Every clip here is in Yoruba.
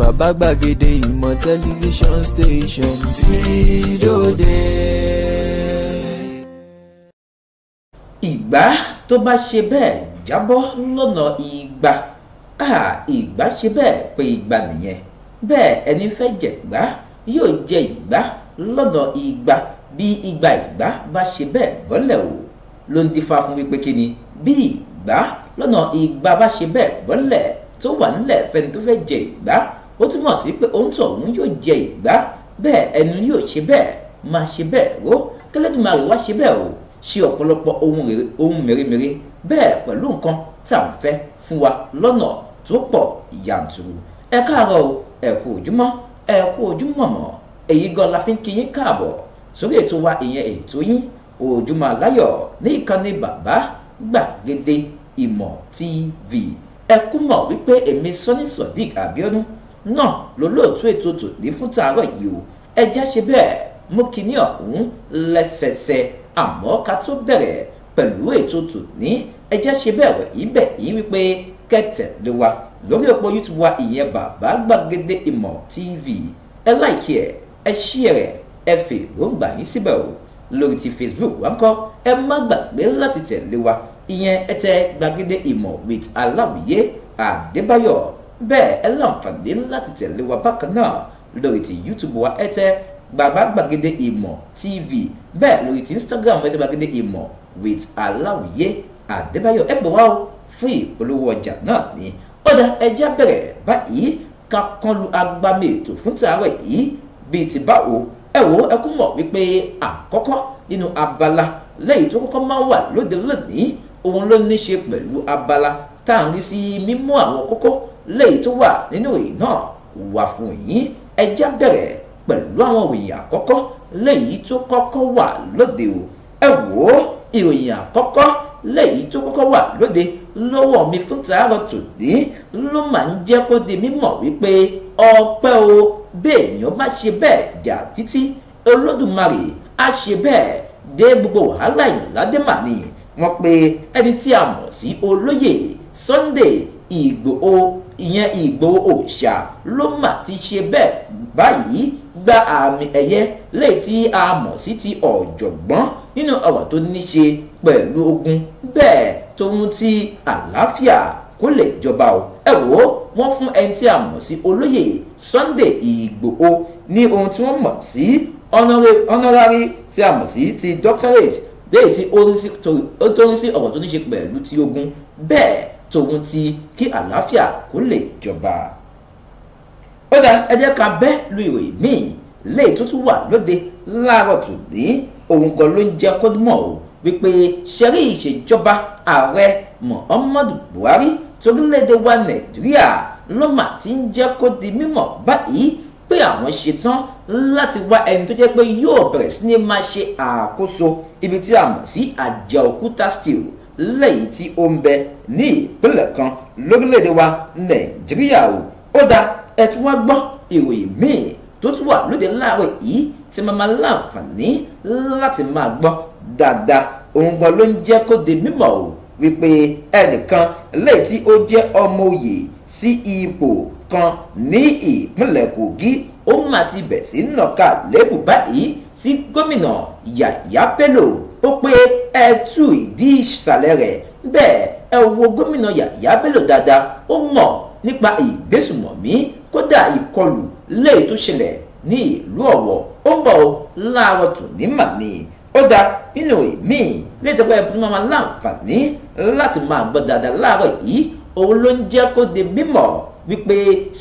bàbá gbàgede ìmọ̀ tẹlifíṣọ̀n station ti dòde. ìgbà tó bá ṣe bẹ́ẹ̀ jábọ́ lọ́nà ìgbà ìgbà ṣe bẹ́ẹ̀ pé ìgbà nìyẹn bẹ́ẹ̀ ẹni fẹ́ jẹ̀gbá yóò jẹ ìgbà lọ́nà ìgbà bí ìgbà ìgbà bá ṣe bẹ́ẹ̀ bọ́lẹ̀ o ló ń dífá fún wípé kí ni bí ìgbà lọ́nà ìgbà bá ṣe bẹ́ẹ̀ bọ́lẹ̀ tó wà nílẹ̀ fẹ́ni tó fẹ́ jẹ ìgbà ó túmọ̀ sí pé òun tó òun yóò jẹ ìgbà bẹ́ẹ̀ ẹnu yóò ṣe bẹ́ẹ̀ máa ṣe bẹ́ẹ̀ ró kẹlẹ́dùnmarè wá ṣe bẹ́ẹ̀ o ṣe ọ̀pọ̀lọpọ̀ ohun mèremère bẹ́ẹ̀ pẹ̀lú nǹkan tá à ń fẹ́ fún wa lọ́nà tó pọ̀ yàntúrú ẹ káàárọ̀ o ẹ kú ojúmọ́ ẹ kú ojúmọ́ mọ́ èyí gan la fi ń kí yín káàbọ̀ sórí ètò wa ìyẹn ètò yín ojúmọ́ aláyọ̀ ní ìkànnì bàbá gbàgede ìmọ̀ tv ẹ kú mọ̀ wípé èmi sọ́ní sodiq abiodun náà lólóòtú ètò tòní fún tàárọ̀ yìí o ẹ ṣe bẹ́ẹ̀ mú kinní ọ̀hún lẹ́sẹsẹ àmọ́ ká tó bẹ̀rẹ̀ pẹ̀lú ètò tòní ẹ ṣe bẹ́ẹ̀ wẹ̀ yìí yìí wípé kẹtẹ̀lé wa lórí òpó youtube wa ìyẹn bàbá gbàgede ìmọ̀ tv ẹ láìkí ẹ ẹ ṣí ẹ ẹ fi èròǹgbà yín síbẹ̀ o lórí ti facebook wa ń ẹ má gbàgbé láti tẹ̀lé wa ìyẹn ẹ tẹ gbàgede ìmọ̀ with aláwìyé àdébáyọ̀ bẹ́ẹ̀ ẹ láǹfààní láti tẹ̀lé wa bákan náà lórí ti youtube wa ẹ tẹ bàbá gbàgede ìmọ̀ tv bẹ́ẹ̀ lórí ti instagram ẹ tẹ gbàgede ìmọ̀ with aláwìyé àdébáyọ̀ ẹ bọ̀ wá o fún ìpolówó ọjà náà ni ọ̀dà ẹja bẹ̀rẹ̀ báyìí ká kánlu agbami ètò fún tààrọ̀ yìí bíi ti báwo ẹ wo ẹ kún mọ̀ wípé àkọ́kọ́ nínú abala lẹ́yìn tó kọ́kọ́ máa ń wà lóde lónìí òun ló ní ṣe pẹ̀lú abala tá à ń rí sí mímú àwọn kókó léyìí tó wà nínú ìwé náà wà fún yín ẹ já bẹ̀rẹ̀ àwọn ìròyìn àkọ́kọ́ léyìí tó kọ́kọ́ wà lóde o ẹ wò ó ìròyìn àkọ́kọ́ léyìí tó kọ́kọ́ wà lóde lọ́wọ́ mi fún tààrọ̀ tòní ló máa ń jẹ́ kó di mímọ̀ wípé ọpẹ́ o béèyàn bá ṣe bẹ́ẹ̀ jà títí olódùmarè á ṣe bẹ́ẹ̀ dé gbogbo wàhálà ìládémàní wọ́n pé ẹni tí a mọ̀ sí olóyè Sunday Ìgbòho ìyẹn Ìgbòho Òòṣà ló mà ti ṣe bẹ́ẹ̀ báyìí gba àmì ẹ̀yẹ léyìí tí a mọ̀ sí ti ọ̀jọ̀gbọ́n nínú ọ̀rọ̀ tó ní ṣe pẹ̀lú ogun bẹ́ẹ̀ tó mú ti àlàáfíà kó lè jọba o ẹ wò ó wọ́n fún ẹni tí a mọ̀ sí olóyè Sunday Ìgbòho ní ohun tí wọ́n mọ̀ sí honorary tí a mọ̀ sí ti doctorate léyìí tí ó tó ní sí ọ̀rọ̀ tó ní ṣe pẹ̀lú ti ogun bẹ́ẹ̀ tòun ti kí àlàáfíà kó lè jọba. ó dá ẹ jẹ́ ká bẹ́ lu ìròyìn míì léè tó tún wà lóde láàárọ̀ tòní òun kan ló ń jẹ́ kó mọ̀ ọ́ wípé ṣẹ́rí ìṣèjọba ààrẹ Muhammadu Buhari torílẹ̀-èdè wa Nàìjíríà ló mà ti ń jẹ́ kó di mímọ̀ báyìí pé àwọn ṣetán láti wá ẹni tó jẹ́ pé yóò bẹ̀rẹ̀ sí ní máa ṣe àkóso ibi tí a mọ̀ sí Àjàòkúta steel lẹ́yìn tí ó ń bẹ ní ìpínlẹ̀ kan lórílẹ̀‐èdè wa nàìjíríà o ó dá ẹ tí wọ́n gbọ́ ìròyìn míì tó tún wà lóde láàárọ̀ yìí tí máa máa láǹfààní láti máa gbọ́ dáadáa òun gan ló ń jẹ́ kó di mímọ̀ o wípé ẹnìkan lẹ́yìn tí ó jẹ́ ọmọ òye sí ipò kan ní ìpínlẹ̀ kogi ó mà ti bẹ̀ sí nàka lẹ́bù báyìí sí gómìnà yàyà bello ó pé ẹ tú ìdí ìsàlẹ̀ rẹ̀ bẹ́ẹ̀ ẹ wo gómìnà Yàyà Bello dáadáa ó mọ̀ nípa ìgbésùmọ̀mí kódà ìkọlù léè tó ṣẹlẹ̀ ní ìlú Ọ̀wọ̀ ó ń bọ̀ láàárọ̀ tù ní màmí ó dá nínú èmi létẹpẹ ẹbùn máa láǹfààní láti máa gbọ́ dáadáa láàárọ̀ yìí òun ló ń jẹ́ kó di mímọ̀ wípé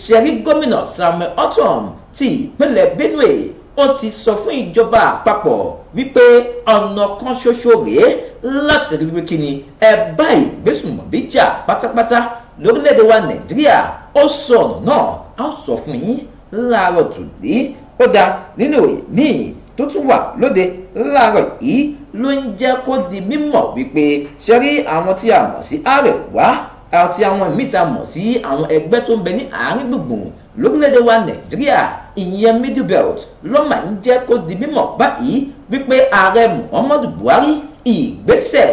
ṣẹrí gómìnà Samuel Ortom ti ìpínlẹ̀ Benue ó ti sọ fún ìjọba àpapọ̀ wípé ọ̀nà kan ṣoṣo rèé láti rí wípé kíni ẹ bá ìgbésùnmọ̀bí jà pátápátá lórílẹ̀‐èdè wa nàìjíríà ó sọ ọ̀nà náà á sọ fún yín láàárọ̀ tòní ó dá nínú ìmíì tó tún wà lóde láàárọ̀ yìí ló ń jẹ́ kó di mímọ̀ wípé ṣe rí àwọn tí a mọ̀ sí ààrẹ wá àti àwọn míì tá a mọ̀ sí àwọn ẹgbẹ́ tó ń bẹ ní àárín gbùngbùn lórílẹ̀‐èdè wa nàìjíríà ìyẹn middle belt ló máa ń jẹ́ kó di mímọ̀ báyìí wípé ààrẹ muhammadu buhari ìgbésẹ̀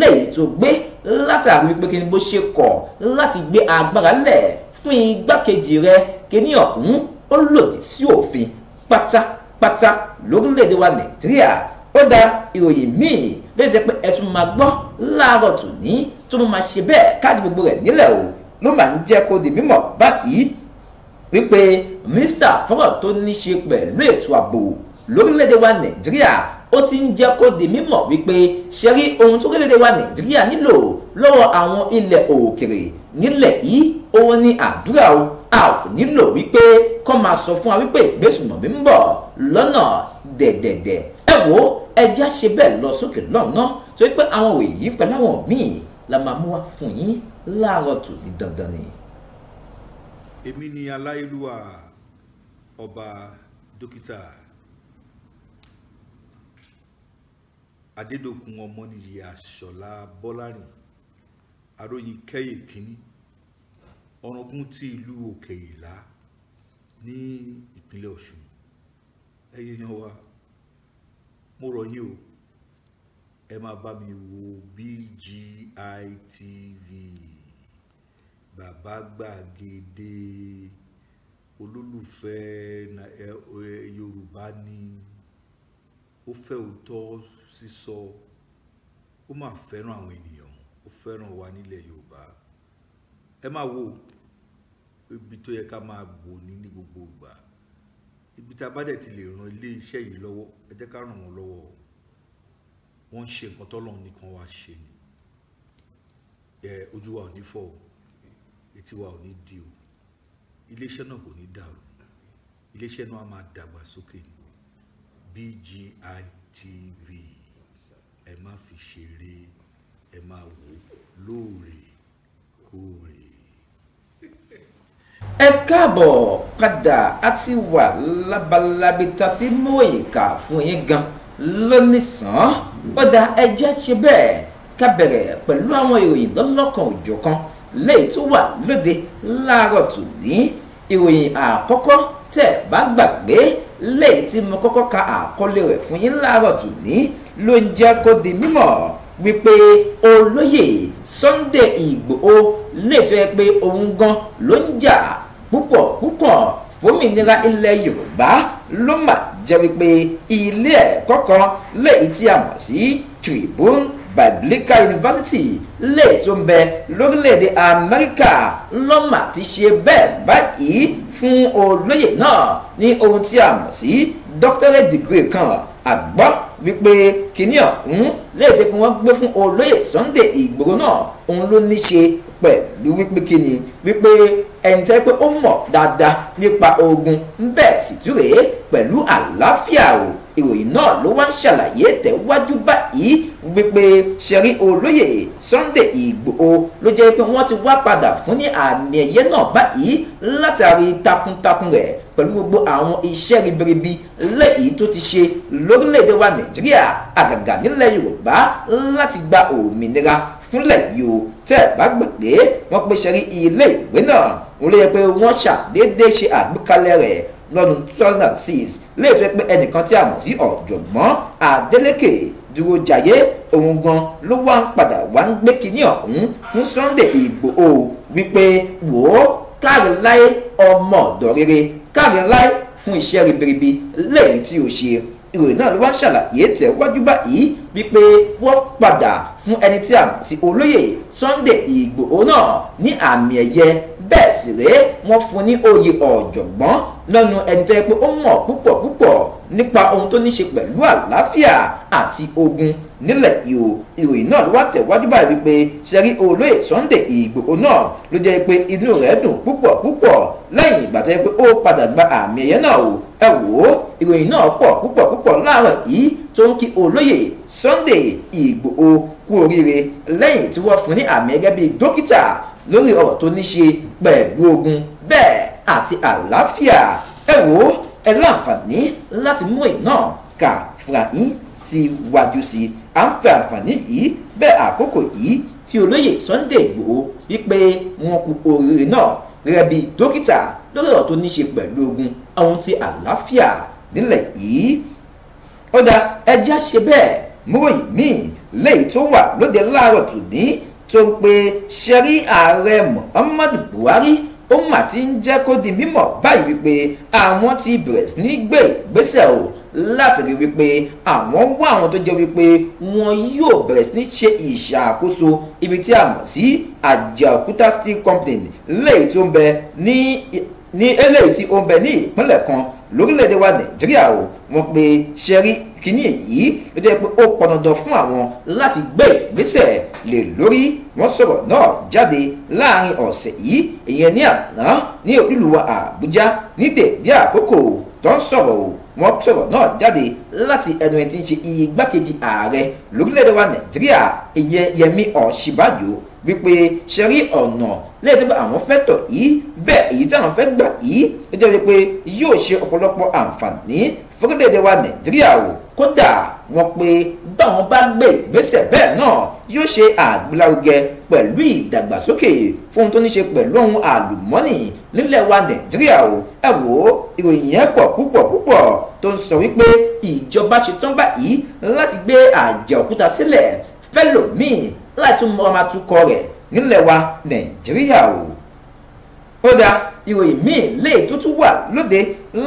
lẹ́yìn tó gbé látàrí pé kí ni bó ṣe kọ̀ láti gbé agbára lẹ̀ fún igbákejì rẹ̀ kíní ọ̀hún ó lòdì sí òfin pátápátá lórílẹ̀ wa nàìjíríà ó da ìròyìn míì lè jẹ́ pé ẹ̀tún máa gbọ́ láàárọ̀ tù ní tó máa ṣe bẹ́ẹ̀ káàdì gbogbo rẹ̀ nílẹ̀ o ló máa ń jẹ́ kó di mímọ̀ báyìí wípé mínísítà fọ́rọ̀ tó ní ṣe pẹ̀lú ètò ààbò lórílẹ̀‐èdè wa nàìjíríà ó ti ń jẹ́ kó di mímọ̀ wípé ṣe rí ohun tó orílẹ̀ wa nàìjíríà nílò lọ́wọ́ àwọn ilẹ̀ òkèrè nílẹ̀ yìí òun ni àdúrà o a ò nílò wípé kọ́ máa sọ fún wa wípé ìgbésùmọ̀mí ń bọ̀ lọ́nà dẹ̀dẹ̀dẹ̀ ẹ wo ẹja ṣe bẹ́ẹ̀ lọ sókè lọ́nà tó wípé àwọn òyìnbí pẹ̀lú àwọn míì la máa mú wa fún yín láàárọ̀ tò ní dandan ni. èmi ni aláìlúwà ọba dókítà adédọ̀kun ọmọnìyí àṣọlá bọ́lárìn aróyin kẹ́yìn kínní ọ̀ràngún ti ìlú òkè ìlà ní ìpínlẹ̀ ọ̀ṣun ẹyẹ yan wa mo rọ̀ yín o ẹ máa bá mi wo BGI TV bàbá gbàgede olólùfẹ́ yorùbá ni ó fẹ́ òótọ́ sísọ ó máa fẹ́ràn àwọn ènìyàn ó fẹ́ràn wa nílẹ̀ yorùbá ẹ máa wo ibi tó yẹ ká máa bò ní ní gbogbo ìgbà ibi tá a bá dẹ̀ ti lè ran ilé iṣẹ́ yìí lọ́wọ́ ẹ jẹ́ ká ràn wọ́n lọ́wọ́ wọ́n ń ṣe nǹkan tọ́lọ́run nìkan wá ṣe ni ojú wa ò ní fọ́ etí wa ò ní di o iléeṣẹ́ náà kò ní dàrú iléeṣẹ́ náà a máa dàgbà sókè ni BGI TV ẹ má fi ṣeré ẹ máa wò lóòrèkóòrè ẹ káàbọ̀ padà á ti wà lábalábi tá a ti mú ìkà fún yín gan lónìsàn ó dá ẹjẹ́ ṣe bẹ́ẹ̀ ká bẹ̀rẹ̀ pẹ̀lú àwọn ìròyìn lọ́lọ́kan òjọ̀kan léyìí tó wà lóde láàárọ̀ tòní ìròyìn àkọ́kọ́ tẹ̀ bá gbàgbé léyìí tí mo kọ́kọ́ ka àkọlé rẹ̀ fún yín láàárọ̀ tòní ló ń jẹ́ kó di mímọ̀ wípé olóyè Sunday Ìgbòho lè tó yẹ pé òun gan ló ń jà púpọ̀ púpọ̀ fòmìnira ilẹ̀ Yorùbá ló mà jẹ́ wípé ilé ẹ̀kọ́ kan lẹ́yìn tí a mọ̀ sí Tribune Biblical University lè tó ń bẹ lórílẹ̀‐èdè Amẹ́ríkà lọ́mà ti ṣe bẹ́ẹ̀ báyìí fún olóyè náà ní ohun tí a mọ̀ sí doctorate degree kan àgbọ́ wípé kínní ọ̀hún léde pé wọ́n gbé fún olóyè Sunday Ìgbòho náà òun ló ní ṣe pẹ̀lú wípé kínní wípé ẹni tẹ́ pé ó mọ̀ dáadáa nípa ogun bẹ́ẹ̀ sì túre pẹ̀lú àlàáfíà o ìròyìn náà ló wá ń ṣàlàyé tẹ̀wájú báyìí wípé ṣẹ̀rí olóyè Sunday Ìgbòho ló jẹ́ pé wọ́n ti wá padà fún ní àmì ẹ̀yẹ náà báyìí látàrí takuntakun rẹ̀ pẹ̀lú gbogbo àwọn iṣẹ́ ribiribi lẹ́yìn tó ti ṣe lórílẹ̀‐èdè wa nàìjíríà àgàgà nílẹ̀ yorùbá láti gba òmìnira fúnlẹ̀ yìí o tẹ́ ẹ̀ bá gbàgbé wọ́n pèsè rí ilé ìwé náà wọ́n lè yẹ pé wọ́n ṣàdédé ṣe àgbékalẹ̀ rẹ̀ lọ́dún 2006 lè fẹ́ pé ẹnìkan tí a mọ̀ sí ọ̀jọ̀gbọ́n Adeleke dúró jayé òun gan ló wá ń padà wá ń gbé kinní ọ̀hún fún Sunday Ìgbòho wípé wò ó káàrí láyé ọmọ ọ̀dọ́ rere káàrí láì fún iṣẹ́ ribiribi lẹ́yìn tí ò ṣe ìròyìn náà ló wá ń ṣàlàyé tẹ̀wájú báyìí wípé wọ́n padà fún ẹni tí a mọ̀ sí olóyè Sunday Ìgbòho náà ní àmì ẹ̀yẹ bẹ́ẹ̀ sì rèé wọ́n fún ní oyè ọ̀jọ̀gbọ́n lọ́nu ẹni tó yẹ pé ó mọ̀ púpọ̀ púpọ̀ nípa ohun tó ní ṣe pẹ̀lú àlàáfíà àti ogun nílẹ̀ ìhò ìròyìn náà ló wá tẹ̀wájú báyìí wípé ṣẹ́rí olóyè Sunday Ìgbòho náà ló jẹ́ pé inú rẹ̀ dùn púpọ̀ púpọ̀ lẹ́yìn ìgbà tó yẹ pé ó padà gba àmì ẹ̀yẹ náà o ẹ wò ó ìròyìn náà pọ̀ púpọ̀ púpọ̀ láàárọ̀ yìí tó ń kí olóyè Sunday Ìgbòho kú oríire lẹ́yìn tí wọ́n fún ní àmì ẹ̀yẹ bíi dókítà lórí ọ̀rọ̀ tó ní ṣe pẹ̀lú ogun bẹ́ẹ̀ àti àlàáfíà ẹ wò ẹ láǹfààní láti mú ìná kà fúra yín síwájú sí i à ń fẹ́ àǹfààní yìí bẹ́ẹ̀ àkókò yìí kí olóyè Sunday Igboho wípé wọn kú oríire náà gẹ́gẹ́ bí dókítà lórí ọ̀rọ̀ tó ní ṣe pẹ̀lú ogun àwọn ti àlàáfíà nílẹ̀ yìí ó dá ṣe bẹ́ẹ̀ múròyìn míì léyìí tó wà lóde láàárọ̀ tòní tó ń pe ṣẹ́rí ààrẹ Muhammadu Buhari ó mà ti ń jẹ́ kó di mímọ̀ báyìí wípé àwọn ti bẹ̀rẹ̀ sí ní gbé ìgbésẹ̀ o láti rí wípé àwọn wá àwọn tó jẹ́ wípé wọn yóò bẹ̀rẹ̀ sí ní ṣe ìṣàkóso ibi tí a mọ̀ sí Àjàòkúta Steel Company lẹ́yìn tó ń bẹ ní ní eléyìí tí ó ń bẹ ní ìpínlẹ̀ kan lórílẹ̀‐èdè wa nàìjíríà o wọ́n pe ṣẹ́rí kínní èyí ló jẹ́ pé ó pọn dandan fún àwọn láti gbé ìgbésẹ̀ lè lórí wọ́n sọ̀rọ̀ náà jáde láàrin ọ̀sẹ̀ yìí ìyẹn ní àná ní olúlu wa àbújá ní dèdé àkókò tó ń sọ̀rọ̀ o wọ́n sọ̀rọ̀ náà jáde láti ẹnu ẹni tí ń ṣe iye igbákejì ààrẹ lórílẹ̀‐èdè wa nàìjíríà ìyẹn wípé ṣe rí ọ̀nà lẹ́yìn tó bá àwọn fẹ́ tọ̀ yìí bẹ́ẹ̀ èyí tí àwọn fẹ́ gbà yìí ó jẹ́ wípé yóò ṣe ọ̀pọ̀lọpọ̀ àǹfààní fúrúdèdè wa nàìjíríà o kódà wọ́n pé báwọn bá gbé ìgbésẹ̀ bẹ́ẹ̀ náà yóò ṣe àgbélárugẹ pẹ̀lú ìdàgbàsókè fún tó ní ṣe pẹ̀lú ohun àlùmọ́nì nílẹ̀ wa nàìjíríà o ẹ wò ó ìròyìn yẹn pọ̀ púpọ̀ púpọ̀ tó ń sọ wípé ìjọba ṣetán báyìí láti gbé àjẹ òkúta sílẹ̀ fẹ́lòmíì láti mọ ọmọ atukọ̀ rẹ̀ nílẹ̀ wa nàìjíríà o ó dá ìròyìn míì lè tó tún wà lóde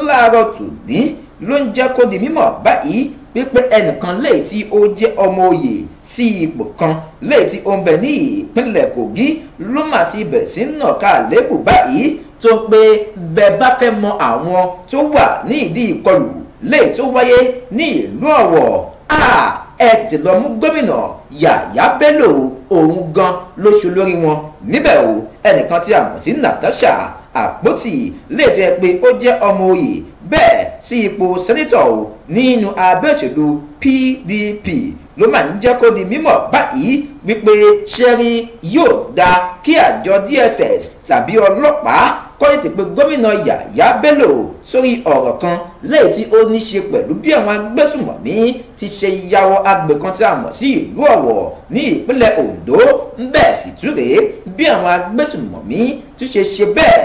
láàárọ̀ tòní ló ń jẹ́ kó di mímọ̀ báyìí pípé ẹnìkan léè tí ó jẹ́ ọmọ oyè sí ipò kan léè tí ó ń bẹ ní ìpínlẹ̀ Kogi ló mà ti bẹ̀ sí nàka lébù báyìí tó pé bẹ́ẹ̀ bá fẹ́ mọ àwọn tó wà ní ìdí ìkọlù léè tó wáyé ní ìlú Ọ̀wọ̀ ẹ tètè lọ mú gómìnà yàyà bello òun gan lóṣù lórí wọn níbẹ̀ o ẹnìkan tí a mọ̀ sí natasha àpótí léètò ẹ pé ó jẹ́ ọmọ oyè bẹ́ẹ̀ sí ipò sẹ́nitọ̀ nínú abẹ́ òṣèlú pdp ló máa ń jẹ́ kó di mímọ̀ báyìí wípé ṣẹ́rí yóò da kí àjọ DSS tàbí ọlọ́pàá kọ́ ètè pé gómìnà Yàyà Bello sórí ọ̀rọ̀ kan lẹ́yìn tí ó ní ṣe pẹ̀lú bí àwọn agbésùnmọ̀mí ti ṣe yàwọ agbè kan tí a mọ̀ sí ìlú Ọ̀wọ̀ ní ìpínlẹ̀ Ondo ń bẹ̀ sì túre bí àwọn agbésùnmọ̀mí ti ṣe ṣe bẹ́ẹ̀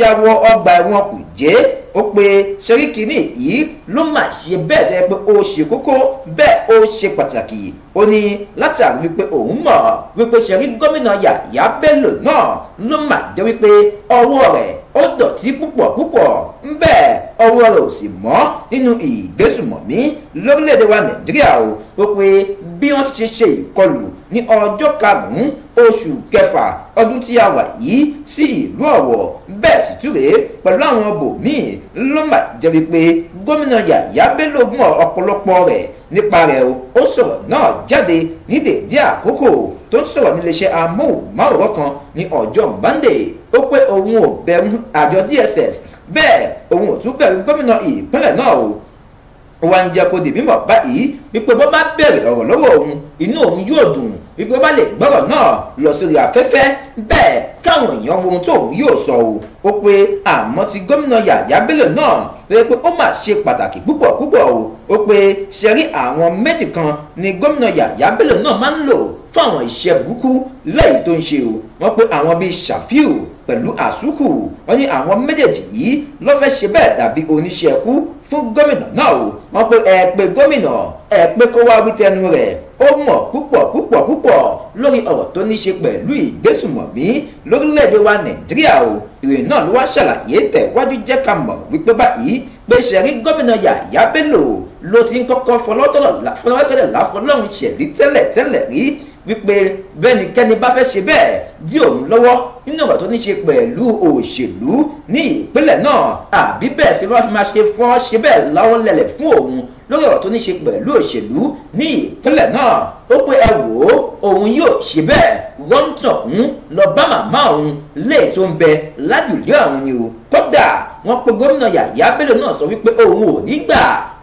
yàwọ ọgbà ẹ̀wọ̀n Kùjé ó pe ṣeríkì ní yìí ló mà ṣe bẹ́ẹ̀ jẹ́ pé ó ṣe kókó bẹ́ẹ̀ ó ṣe pàtàkì ó ní látàrí wípé òun mọ̀ wípé ṣerí gómìnà Yàyà Bello náà ló mà jẹ́ wípé ọwọ́ rẹ̀ ó dọ̀tí púpọ̀ púpọ̀ ń bẹ́ẹ̀ ọwọ́ rẹ̀ ò sì mọ́ nínú ìgbésùmọ̀mí lórílẹ̀‐èdè wa nàìjíríà o ó pé bí wọ́n ti ṣe ìkọlù ní ọjọ́ karùn-ún oṣù kẹfà ọdún tí a wà yìí sí ìlú ọ̀wọ̀ bẹ́ẹ̀ sì túre pẹ̀lú àwọn bòmíì ló mà jẹ́ wípé gómìnà yàyà bello mọ ọ̀pọ̀lọpọ̀ rẹ̀ nípa rẹ̀ o ó sọ̀rọ̀ náà jáde ní dèédé àkókò tó ń sọ̀rọ̀ níléeṣẹ́ amóhùnmáwòrán kan ní ọjọ́ Monday ó pé òun ò bẹ̀rù àjọ DSS bẹ́ẹ̀ òun ò tún bẹ̀rù gómìnà ìpínlẹ̀ náà o wọ́n ń jẹ́ kó di mímọ̀ báyìí wípé bó bá bèrè ọ̀rọ̀ lọ́wọ́ òun inú òun yóò dùn wípé bá lè gbọ́rọ̀ náà lọ sórí afẹ́fẹ́ bẹ́ẹ̀ káwọn èèyàn wo ohun tó òun yóò sọ o ó pé àmọ́ ti gómìnà Yàyà Bello náà ló yẹ pé ó mà ṣe pàtàkì púpọ̀ púpọ̀ o ó pé ṣe rí àwọn méjì kan ni gómìnà Yàyà Bello náà máa ń lò fún àwọn iṣẹ́ burúkú lẹ́yìn tó ń ṣe o wọ́n pé àwọn bíi Ṣàfíù pẹ̀lú Àsúkù wọ́n ní àwọn méjèèjì yìí ló fẹ́ ṣe bẹ́ẹ̀ dàbí oníṣẹ́ ẹkú fún gómìnà náà o wọ́n pé ẹ pé gómìnà ẹ pé kó wá wí tẹnu rẹ̀ ó mọ̀ púpọ̀ púpọ̀ púpọ̀ lórí ọ̀rọ̀ tó ní ṣe pẹ̀lú ìgbésùmọ̀mí lórílẹ̀‐èdè wa Nàìjíríà o ìròyìn náà ló wá ṣàlàyé tẹ̀wájú jẹ́ ká mọ̀ wípé báyìí pé ṣẹ̀rí gómìnà Yàyà Bello ló ti ń kọ́kọ́ fọlọ́tọ̀lọ̀ láfọlọ́hún ṣẹ̀rí tẹ́lẹ̀ tẹ́lẹ̀ rí wípé bẹ́ẹ̀ ni kẹ́ni bá fẹ́ ṣe bẹ́ẹ̀ dí òun lọ́wọ́ nínú ọ̀rọ̀ tó ní ṣe pẹ̀lú òṣèlú ní ìpínlẹ̀ náà àbí bẹ́ẹ̀ fi wọ́n fi máa ṣe fọ́ ṣe bẹ́ẹ̀ láwọ́ lẹ̀lẹ̀ fún òun lórí ọ̀rọ̀ tó ní ṣe pẹ̀lú òṣèlú ní ìpínlẹ̀ náà ó pé ẹ wò ó òun yóò ṣe bẹ́ẹ̀ wọ́n ń tàn òun lọ bá màmá òun léè tó ń bẹ ládùúgbò àwọn ni o kódà wọ́n pe gómìnà Yàyà Bello náà sọ wípé òun ò ní gbà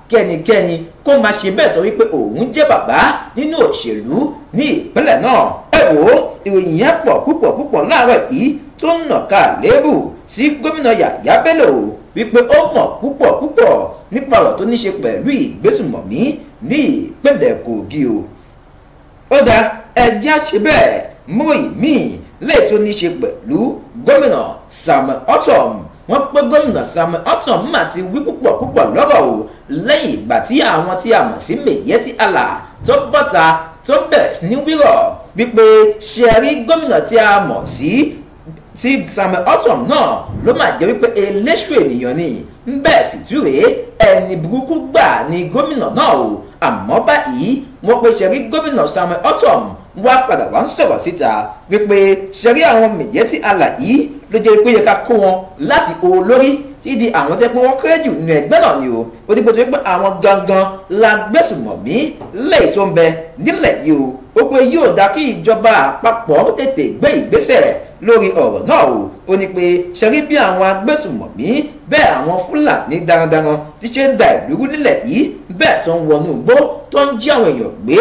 kẹ́nikẹ́ni kó má ṣe bẹ́ẹ̀ sọ wípé òun jẹ́ bàbá nínú òṣèlú ní ìpínlẹ̀ náà ẹ wò ìròyìn yẹn pọ̀ púpọ̀ púpọ̀ láàárọ̀ yìí tó ń nàka lébù sí gómìnà Yàyà Bello wípé ó mọ̀ púpọ̀ púpọ̀ nípa ọ̀rọ̀ tó ní ṣe pẹ̀lú ìgbésùmọ̀mí ní ìpínlẹ̀ Kogi o ó dá ẹjẹ́ àṣẹ bẹ́ẹ̀ mú ìmíì lẹ́yìn ní ṣe pẹ̀lú gómìnà Samuel Ortom wọ́n pé gómìnà Samuel Ortom mà ti wí púpọ̀ púpọ̀ lọ́rọ̀ o lẹ́yìn ìgbà tí àwọn tí a mọ̀ sí Miyetti Allah tó bọ́ta tó bẹ̀ ní wírọ̀ wípé ṣe gómìnà tí a mọ̀ sí tí Samuel Ortom náà ló máa jẹ́ wípé eléṣù ènìyàn ni bẹ́ẹ̀ sì tún rèé ẹni burúkú gbà ní gómìnà náà o àmọ́ báyìí wọ́n pe ṣẹ̀rí gómìnà Samuel Ortom wá padà wá ń sọ̀rọ̀ síta wípé ṣẹ̀rí àwọn Miyetti Allah yìí ló jẹ́ pé yẹ ká kó wọn láti olórí ti di àwọn tẹ́ pé wọ́n kéré jù nínú ẹgbẹ́ náà ni o bó ti gbọ́dọ̀ pé àwọn gangan la gbẹ̀sùmọ̀mí lẹ́yìn tó ń bẹ nílẹ̀ yìí o ó pé yóò dá kí ìjọba àpapọ̀ tètè gbé ìgbésẹ̀ lórí ọ̀rọ̀ náà o ó ní pé ṣẹ́rí bí àwọn agbésùmọ̀mí bẹ́ẹ̀ àwọn fúlàní darandaran ti ṣe ń da ìlú rú nílẹ̀ yìí bẹ́ẹ̀ tó ń wọnú igbó tó ń jí àwọn èèyàn gbé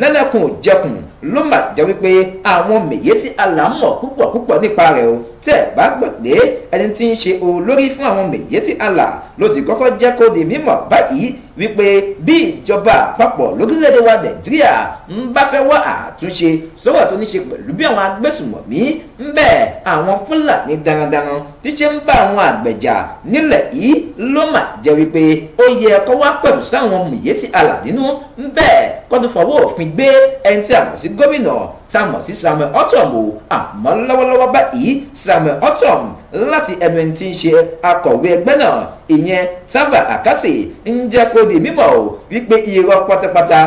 lẹ́lẹ́kùn òjẹkùn ló mà jẹ́ wípé àwọn Miyetti Allah mọ̀ púpọ̀ púpọ̀ nípa rẹ̀ o tẹ́ ẹ̀ bá gbàgbé ẹni tí ń ṣe olórí fún àwọn Miyetti Allah ló ti kọ́kọ́ jẹ́ kó di mímọ̀ báyìí wípé bí ìjọba àpapọ̀ lórílẹ̀‐èdè wa Nàìjíríà ń bá fẹ́ wá àtúnṣe sọ́wọ́ tó ní ṣe pẹ̀lú bí àwọn agbésùnmọ̀mí ńbẹ̀ àwọn fúlàní darandaran tí ṣe ń bá àwọn àgbẹ̀jà nílẹ̀ yìí ló mà jẹ́ wípé ó yẹ kó wá pẹ̀lú sáwọn Mùyẹ́tì Aládínú ńbẹ̀ kó tó fọwọ́ òfin gbé ẹni tí a mọ̀ sí gómìnà tá a mọ̀ sí Samuel Ortom o àmọ́ báyìí Samuel Ortom láti ẹnu ẹni tí ń ṣe akọ̀wé ẹgbẹ́ náà ìyẹn sábà àkásì ń jẹ́ kó di mímọ̀ o wípé irọ́ pátápátá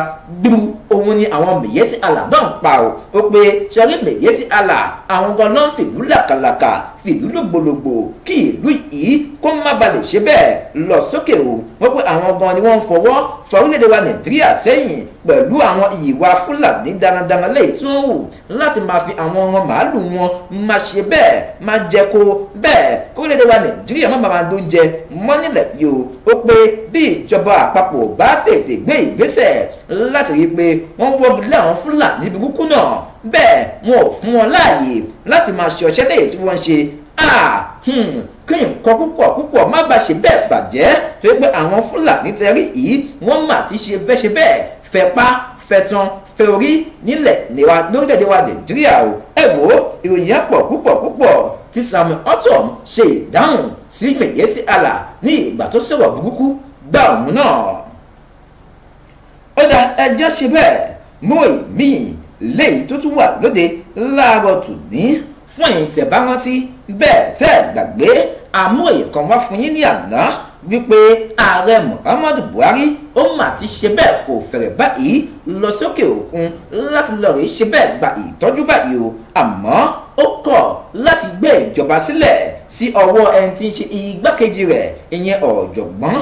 gbúrú òun ni àwọn mèyẹ́sì àlà náà pa o ó pé ṣẹ́rí mèyẹ́sì àlà àwọn gan fìlú làkàlàkà fìlú lògbòlògbò kí ìlú yìí kó má ba lè ṣe bẹ́ẹ̀ lọ sókè o wọ́n pé àwọn gan ni wọ́n ń fọwọ́ fa orílẹ̀-èdè wa nàìjíríà sẹ́yìn pẹ̀lú àwọn ìwà fúlàní darandaran lẹ́yìn tí wọ́n wù láti máa fi àwọn ọmọ màálù wọn máa ṣe bẹ́ẹ̀ máa jẹ kó bẹ́ẹ̀ kó orílẹ̀-èdè wa nàìjíríà má bàa dún jẹ mọ́nilẹ̀ yìí o ó pé bí ìjọba àpapọ̀ bá tètè gbé ìgbésẹ̀ láti rí i pé wọ́n wọ́gi àwọn fúlàní ibi kúkú náà bẹ́ẹ̀ wọn ò fún wọn láàyè láti máa ṣe ọṣẹ́ lẹ́yìn tí wọ́n ń ṣe hmm, kí nǹkan púpọ̀ púpọ̀ má bàa ṣe bẹ́ẹ̀ bàjẹ́ tó yẹ pé àwọn fúlàní tẹ́rí yìí wọ́n mà ti ṣe bẹ́ẹ̀ ṣe bẹ́ẹ̀ fẹ́ pa fẹ̀tàn fẹ̀orí nílẹ̀ níwa lórílẹ̀‐èdè wa nàìjíríà o ẹ wo ìròyìn yẹn pọ̀ púpọ̀ púpọ̀ tí samuel otom ṣe ìdáhùn sí mẹ̀yẹ́sì àlà ní ìgbà tó sọ̀rọ̀ burúkú gbà òun náà. ó dá ẹjọ́ ṣe bẹ́ẹ̀ mú ìmíì léyìí tó tún wà lóde láàárọ̀ tòní fún ẹ̀yin tẹ́ bá rántí bẹ́ẹ̀ tẹ́ gbàgbé amóye kan wá fún yín ní àná wípé ààrẹ Muhammadu Buhari ó mà ti ṣe bẹ́ẹ̀ fò fẹ̀rẹ̀ báyìí lọ sókè òkun láti lọ rèé ṣe bẹ́ẹ̀ gba ìtọ́jú báyìí o àmọ́ ó kọ̀ láti gbé ìjọba sílẹ̀ sí ọwọ́ ẹni tí ń ṣe igbákejì rẹ̀ ìyẹn ọ̀jọ̀gbọ́n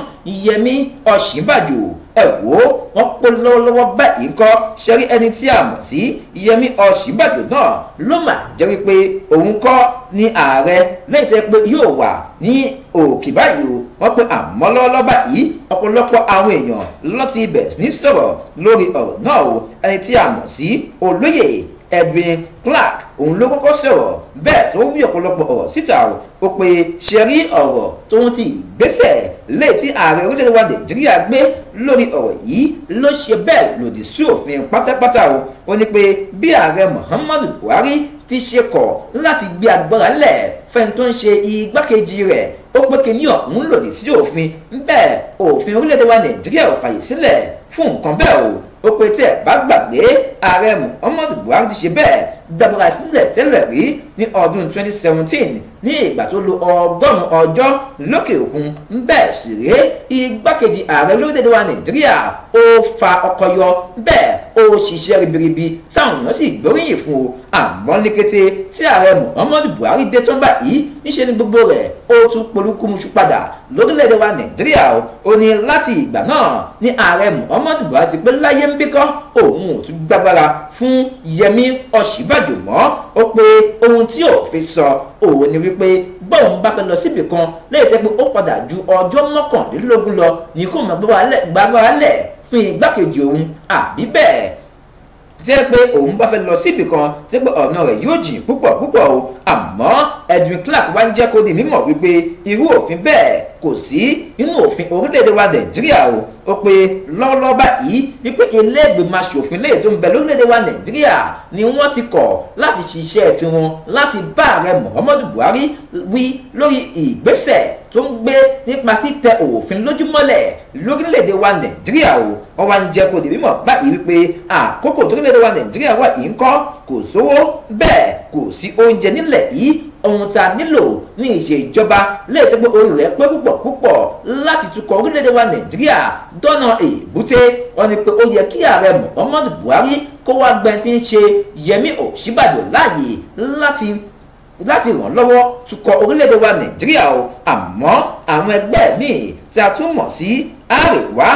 yẹmí ọ̀ṣínbàjò ẹ wò ó wọ́n pọ̀ lọ́wọ́lọ́wọ́ báyìí kọ́ ṣẹ́rí ẹni tí a mọ̀ sí yẹmí ọ̀ṣínbàjò náà ló mà jẹ́ wípé òun kọ́ ni ààrẹ lẹ́yìn tẹ́ pé yóò wà ní òkè báyìí o wọ́n pe àmọ́ lọ́wọ́lọ́wọ́ báyìí ọ̀pọ̀lọpọ̀ àwọn èèyàn ló ti bẹ̀ ní sọ̀rọ̀ lórí ọ̀rọ̀ náà o ẹni tí a mọ̀ sí olóyè Edwin Clark òun ló kọ́kọ́ sọ̀rọ̀ bẹ́ẹ̀ tó wí ọ̀pọ̀lọpọ̀ ọ̀rọ̀ síta ó pé ṣe rí ọ̀rọ̀ tóun ti ìgbésẹ̀ lè ti ààrẹ orílẹ̀-èdè wa Nàìjíríà gbé lórí ọ̀rọ̀ yìí ló ṣe bẹ́ẹ̀ lòdì sí òfin pátápátá o ó ní pé bí ààrẹ Muhammadu Buhari ti ṣe kọ̀ láti gbé agbára lẹ̀ fẹ́ni tó ń ṣe igbákejì rẹ̀ ó pé kíní ọ̀hún lòdì sí òfin bẹ́ẹ̀ òfin orílẹ̀-èdè wa Nàìjíríà ò fàyè sílẹ̀ fún nǹkan bẹ́ẹ̀ o ó pe tí ẹ bá gbàgbé ààrẹ Muhammadu Buhari ti ṣe bẹ́ẹ̀ dábàrà sílẹ̀ tẹ́lẹ̀ rí ní ọdún 2017 ní ìgbà tó lo ọgọ́rùn-ún ọjọ́ lókè òkun bẹ́ẹ̀ sì rèé igbákejì ààrẹ lórílẹ̀‐èdè wa Nàìjíríà ó fa ọkọ̀ yọ bẹ́ẹ̀ ó ṣiṣẹ́ ribiribi táwọn èèyàn sì gbóríyìn fún o àmọ́ ní kété tí ààrẹ Muhammadu Buhari dé tán báyìí níṣẹ́ ni gbogbo rẹ̀ ó tún polúkúmuṣu padà lórílẹ̀‐èdè wa Nàìjíríà ó ní láti ìgbà náà ní ààrẹ Muhammadu muhammadu buhari ti pé láyé ń bí kan òun ò tún gbágbára fún yẹmí ọ̀ṣínbàjò mọ́ ó pé ohun tí ò fi sọ òun ni wípé bóun bá fẹ́ lọ síbì kan lẹ́yìn tẹ́ pé ó padà ju ọjọ́ mọ́kànlélógún lọ ní kó máa gbágbára lẹ̀ fún igbákejì òun àbí bẹ́ẹ̀ jẹ́ pé òun bá fẹ́ lọ síbì kan tí pé ọ̀nà rẹ̀ yóò jìn púpọ̀ púpọ̀ o àmọ́ Edwin Clark wá ń jẹ́ kó di mímọ̀ wípé irú òfin bẹ́ẹ̀ kò sí nínú òfin orílẹ̀-èdè wa Nàìjíríà o ó pé lọ́wọ́lọ́wọ́ báyìí wípé ilé ìgbìmọ̀ aṣòfin lè tó ń bẹ lórílẹ̀-èdè wa Nàìjíríà ni wọ́n ti kọ̀ láti ṣiṣẹ́ tiwọn láti bá ààrẹ Muhammadu Buhari wí lórí ìgbésẹ̀ tó ń gbé nípa títẹ òfin lójúmọ́lẹ̀ lórílẹ̀‐èdè wa nàìjíríà o wọ́n wá ń jẹ́ kó dèbí mọ̀ báyìí wípé àkókò torílẹ̀‐èdè wa nàìjíríà wà yìí ń kọ́ kò sówó bẹ́ẹ̀ kò sí oúnjẹ nílẹ̀ yìí ohun tá a nílò ní ìṣèjọba lẹ́ẹ̀tẹ́ pé orí rẹ̀ pé púpọ̀ púpọ̀ láti tukọ̀ orílẹ̀-èdè wa nàìjíríà dọ́nà èbúté wọn ni pé ó yẹ kí ààrẹ muhammadu buhari kó wá gbẹ́ntì láti ràn lọ́wọ́ tukọ̀ orílẹ̀-èdè wa nàìjíríà o àmọ́ àwọn ẹgbẹ́ míì tí a tún mọ̀ sí àríwá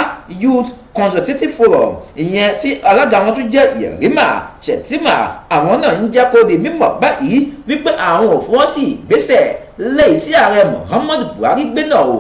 youth consultative forum ìyẹn tí alága wọn tún jẹ́ yẹ̀rìmà ṣètìmà àwọn náà ń jẹ́ kó di mímọ̀ báyìí wípé àwọn ò fọwọ́ sí ìgbésẹ̀ lẹ́yìn tí ààrẹ Muhammadu Buhari gbé náà o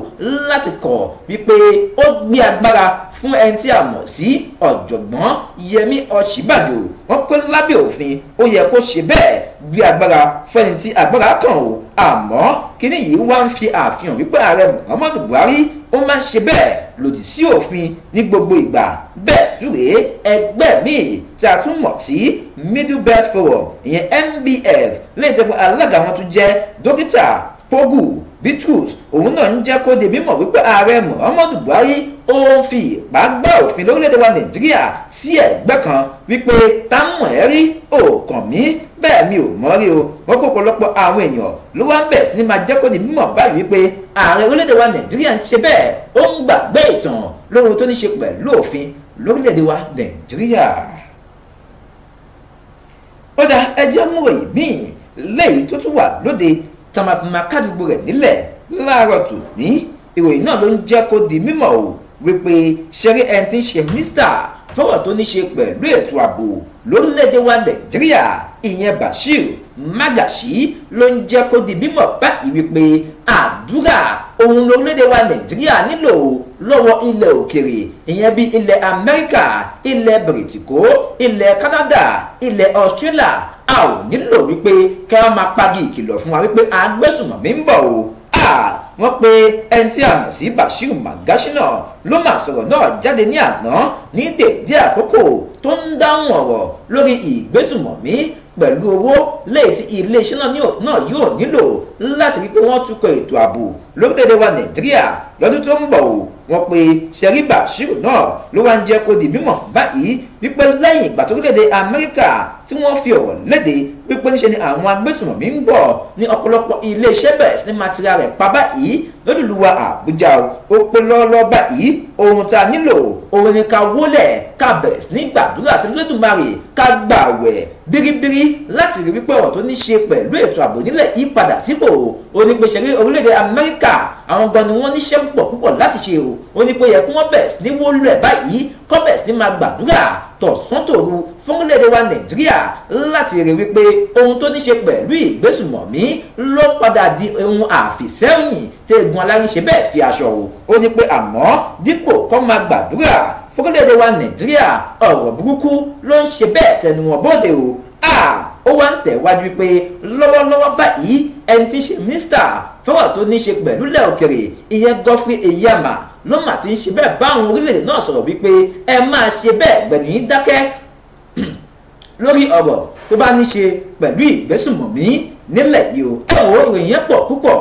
láti kọ̀ wípé ó gbé agbára fún ẹni tí a mọ̀ sí ọ̀jọ̀gbọ́n Yẹmí Ọ̀ṣínbàjò wọ́n pé lábẹ́ òfin ó yẹ kó ṣe bẹ́ẹ̀ gbé agbára fún ẹni tí agbára kàn o àmọ́ kíní yìí wá ń fi àfihàn wípé ààrẹ Muhammadu Buhari ó máa ń ṣe bẹ́ẹ̀ lòdì sí òfin ní gbogbo ìgbà bẹ́ẹ̀ túre ẹgbẹ́ míì tí a tún mọ̀ sí Middle Belt Forum ìyẹn MBF lẹ́yìn tó pé alága wọn tún jẹ́ dókítà Pogu Bitrus òun náà ń jẹ́ kó di mímọ̀ wípé ààrẹ Muhammadu Buhari ó ń fi ìpá gbá òfin lórílẹ̀‐èdè wa Nàìjíríà sí ẹ̀gbẹ́ kan wípé táwọn ẹ̀ rí òòkàn mi bẹ́ẹ̀ mi ò mọ̀ rí o wọ́n kó ọ̀pọ̀lọpọ̀ àwọn èèyàn ló wá ń bẹ̀ sí ni máa jẹ́ kó di mímọ̀ báyìí wípé ààrẹ orílẹ̀‐èdè wa Nàìjíríà ń ṣe bẹ́ẹ̀ ó ń gbàgbé ìtàn lóhun tó ní ṣe pẹ̀lú òfin lórílẹ̀‐èdè wa Nàìjíríà lẹ́yìn tó tún wà lóde tá a máa fi máa kádùgbò rẹ̀ nílẹ̀ láàárọ̀ tù ní ìròyìn náà ló ń jẹ́ kó di mímọ̀ o wípé ṣeré ẹni tí ń ṣe mínísítà fọ́rọ̀ tó ní ṣe pẹ̀lú ètò ààbò lórílẹ̀‐èdè wa nàìjíríà ìyẹn bashir magashi ló ń jẹ́ kó di bímọ báyìí wípé àdúrà òun lórílẹ̀‐èdè wa nàìjíríà nílò lọ́wọ́ ilẹ̀ òkèrè ìyẹn bí ilẹ̀ amẹ́ríkà ilẹ̀ bìrìtìkó ilẹ̀ canada ilẹ̀ australia a ò nílò wípé kí wọ́n máa pagi ìkìlọ̀ fún wa wípé agbésùnmọ̀mí ń bọ̀ o wọ́n pe ẹni tí a mọ̀ sí Bashiru Magashina ló máa sọ̀rọ̀ náà jáde ní àná ní dèdé àkókò tó ń dáhùn ọ̀rọ̀ lórí ìgbésùmọ̀mí pẹ̀lú owó lẹ́yìn tí iléeṣẹ́ náà yóò nílò láti rí pé wọ́n tukọ̀ ètò ààbò lórílẹ̀‐èdè wa Nàìjíríà lọ́dún tó ń bọ̀ wọ́n pe sẹ́rí Bashiru náà ló wá ń jẹ́ kó di mímọ̀ báyìí wípé lẹ́yìn ìgbà tó léde Amẹ́ríkà tí wọ́n fi ọ̀rọ̀ léde wípé níṣe ni àwọn agbésùnmọ̀mí ń bọ̀ ní ọ̀pọ̀lọpọ̀ iléeṣẹ́ bẹ̀rẹ̀ sí ní matira rẹ̀ pa báyìí lódùlùwà Àbújá ó pé lọ́ọ́lọ́ báyìí ohun tá a nílò òun ni ká wólẹ̀ ká bẹ̀rẹ̀ sí ní gbàdúrà sí lódùmarè ká gbààwẹ̀ bíríbírí láti rí wípé ọ̀rọ̀ tó ní ṣe pẹ̀lú ètò ààbò nílẹ̀ yí padà sípò onígbèsè orílẹ̀-èdè Amẹ́ríkà àwọn gan ni wọ́n níṣẹ́ púpọ̀ púpọ̀ láti ṣe ó ní pé yẹ kí wọ́n bẹ̀ sí ní wọ́n lẹ̀ báyìí kọ́ bẹ̀ sí ní máa gbàdúrà tọ̀sán tòru fúnlẹ̀dẹ̀ wa nàìjíríà láti rí wípé ohun tó ní ṣe pẹ̀lú ìgbésùmọ̀mí ló padà di ohun àfìsẹ́yìn tẹ́gun alárinṣẹ́ bẹ́ẹ̀ fi aṣọ wò ó ní pé àmọ́ dípò kọ́ máa gbàdúrà fúnlẹ̀dẹ̀ wa nàìjíríà ọ̀rọ̀ burúkú ló ń ṣe bẹ́ẹ̀ tẹnu wọn bóde o ó wá ń tẹ̀wájú pé lọ́wọ́lọ́wọ́ báyìí ẹni tí í ṣe mínísítà fọwọ́ tó ní ṣe pẹ̀lú ilẹ̀ òkèrè ìyẹn Godfrey Enyama nọ́mà tí ń ṣe bẹ́ẹ̀ bá orílẹ̀-èdè náà sọ̀rọ̀ wípé ẹ máa ṣe bẹ́ẹ̀ gbẹ̀yìn dákẹ́ lórí ọ̀rọ̀ tó bá ní ṣe pẹ̀lú ìgbésùnmọ̀mí nílẹ̀ yìí o ẹ wo ìròyìn yẹn pọ̀ púpọ̀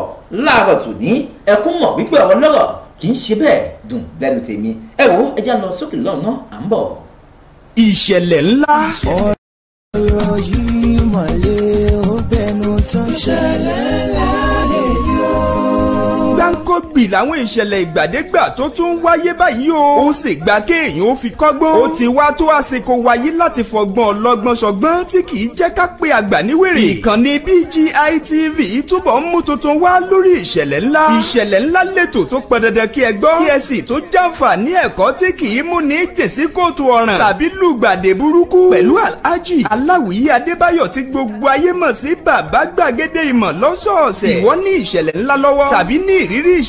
láàárọ̀ tòní ẹ kún mọ̀ wípé ọ̀rọ̀ lọ́rọ̀ kì í ṣe bẹ́ẹ̀ dùn lẹ́nu tèmi ẹ wo ẹ já lọ sókè lọ́nà à ń bọ̀. ìṣẹ̀lẹ̀ ńlá. ọ̀rọ̀ yìí mọ̀lẹ́ ó bẹnu tán ṣẹ́. gbì làwọn ìṣẹ̀lẹ̀ ìgbàdégbà tó tún wáyé báyìí o ó sì gba kéèyàn ó fi kọ́gbọ́n ó ti wá tó àsìkò wáyé láti fọgbọ́n ọlọ́gbọ́n ṣọgbọ́n tí kì í jẹ́ ká pé àgbà níwèrè ìkànnì BGI TV túbọ̀ ń mú tuntun wá lórí ìṣẹ̀lẹ̀ ńlá ìṣẹ̀lẹ̀ ńlá lẹ́tò tó pọn dandan kí ẹ gbọ́ kí ẹ sì tó jàǹfà ní ẹ̀kọ́ tí kì í mú ní jèsí kóòtù ọ̀ràn tàbí lùgbàdé burúkú pẹ̀lú alhaji aláwìyí adébáyọ̀ tí gbogbo ayé mọ̀ sí bàbá gbàgede ìmọ̀ lọ́sọ̀ọ̀sẹ̀ ìwọ ní ìṣẹ̀lẹ̀ ńlá lọ́wọ́ tàbí ní ìrírí ìṣ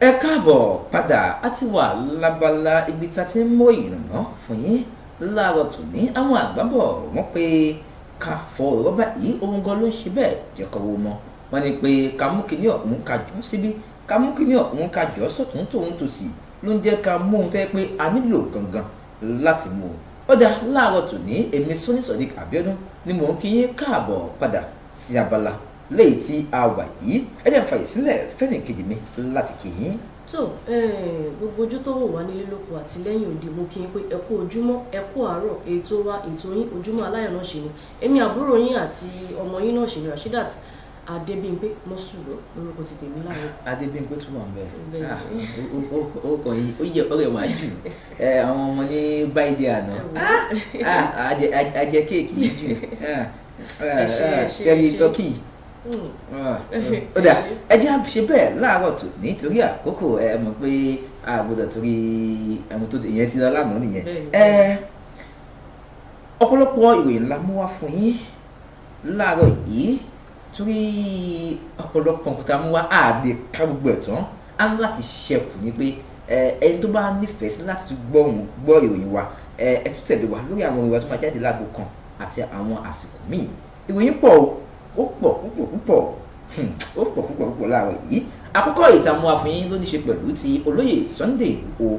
ẹ káàbọ̀ padà á ti wà lábala ibi tá a ti ń mú ìrànà fún yín láàárọ̀ tòní àwọn àgbábọ̀ wọ́n pé ká fọ rọ́bà yìí ohun gan ló ń ṣe bẹ́ẹ̀ jẹ́kọ̀ọ́ mọ́ wọ́n ní pé ká mú kíní ọ̀hún ká jọ́ síbí ká mú kíní ọ̀hún ká jọ́ sọ̀tún tòun tòsì ló ń jẹ́ ká mú ohun tẹ́ pé a nílò gangan láti mú o ó dá láàárọ̀ tòní èmi Sọ́ní Sodiq Abíọ́dún ni mò ń kí yín káàbọ̀ padà sí abala léyìí tí a wà yìí ẹ jẹ́ n fàyè sílẹ̀ fẹ́nì kejì mi láti kì í. tó gbogbo ojú tó wò wá nílé lóko àti lẹ́yìn òde mo kí n pé ẹ kú ojúmọ́ ẹ kú àárọ̀ ètò wa ètò yín ojúmọ́ aláyọ̀ náà ṣe ni èmi àbúrò yín àti ọmọ yín náà ṣe ni Rasheedat Adébímpé mọ́sùlọ́ lórúkọ ti tèmi láàárọ̀. Ah, Adébímpé tún wà bẹ́ẹ̀ ah, orúkọ yìí ó yẹ ọ̀rẹ́ wá jù àwọn ọmọ ní báyìí àná ajẹ ah, kéèkì jù ṣẹ́ni tọ́kì. Mm. Ah. ó dà ẹ jẹ́ àṣe bẹ́ẹ̀ láàárọ̀ tó nítorí àkókò ẹ mọ̀ pé a gbọ́dọ̀ torí ẹmu tó ti ìyẹn ti lọ lánàá nìyẹn ọ̀pọ̀lọpọ̀ ìròyìn ńlá mú wá fún yín láàárọ̀ yìí torí ọ̀pọ̀lọpọ̀ nǹkan tá a mú wá àdè ká gbogbo ẹ̀ tán á ń láti ṣẹ̀kù ni pé ẹni tó bá nífẹ̀ẹ́ sí láti tún gbọ́ òun gbọ́ ìròyìn wa ẹ tún tẹ̀lé wa lórí àwọn ìwà tó máa jáde láago kan àti àwọn àsìkò míì ìròyìn pọ̀ o ó pọ̀ púpọ̀ púpọ̀ hmm, ó pọ̀ púpọ̀ púpọ̀ láàárọ̀ yìí àkọ́kọ́ ìtààmú àfihàn ló ní ṣe pẹ̀lú ti olóyè Sunday Igboho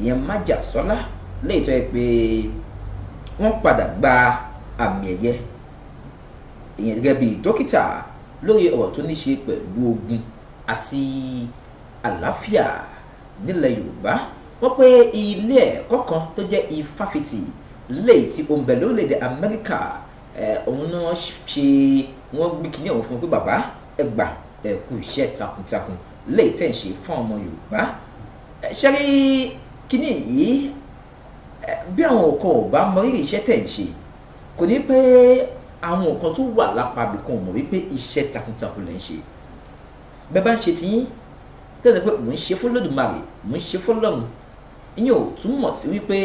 ìyẹn Májàsọ́lá léyìí tó yẹ pé wọ́n padà gba àmì ẹ̀yẹ ìyẹn gẹ́gẹ́ bíi dókítà lórí ọ̀rọ̀ tó ní ṣe pẹ̀lú ogun àti àlàáfíà nílẹ̀ Yorùbá wọ́n pé ilé ẹ̀kọ́ kan tó jẹ́ ifáfitì léyìí tí ó ń èdè Amẹ́ríkà Eh, òun náà ṣe wọ́n gbé kinní ọ̀hún fún wọn pé bàbá ẹ gbà ẹ kú iṣẹ́ takuntakun léè tẹ̀ ń ṣe fún ọmọ Yorùbá eh, ṣe rí kinní yìí eh, bí àwọn ọkọ ò bá mọ rírì iṣẹ́ tẹ̀ ń ṣe kò ní pẹ́ àwọn nǹkan tó wà lápapì kan mọ̀ wípé iṣẹ́ takuntakun lẹ́ ń ṣe bẹ́ẹ̀ bá ń ṣe tiyín tẹ́lẹ̀ pé mò ń ṣe fún Olódùmarè mò ń ṣe fún Ọlọ́run ìyẹn ò túmọ̀ sí wípé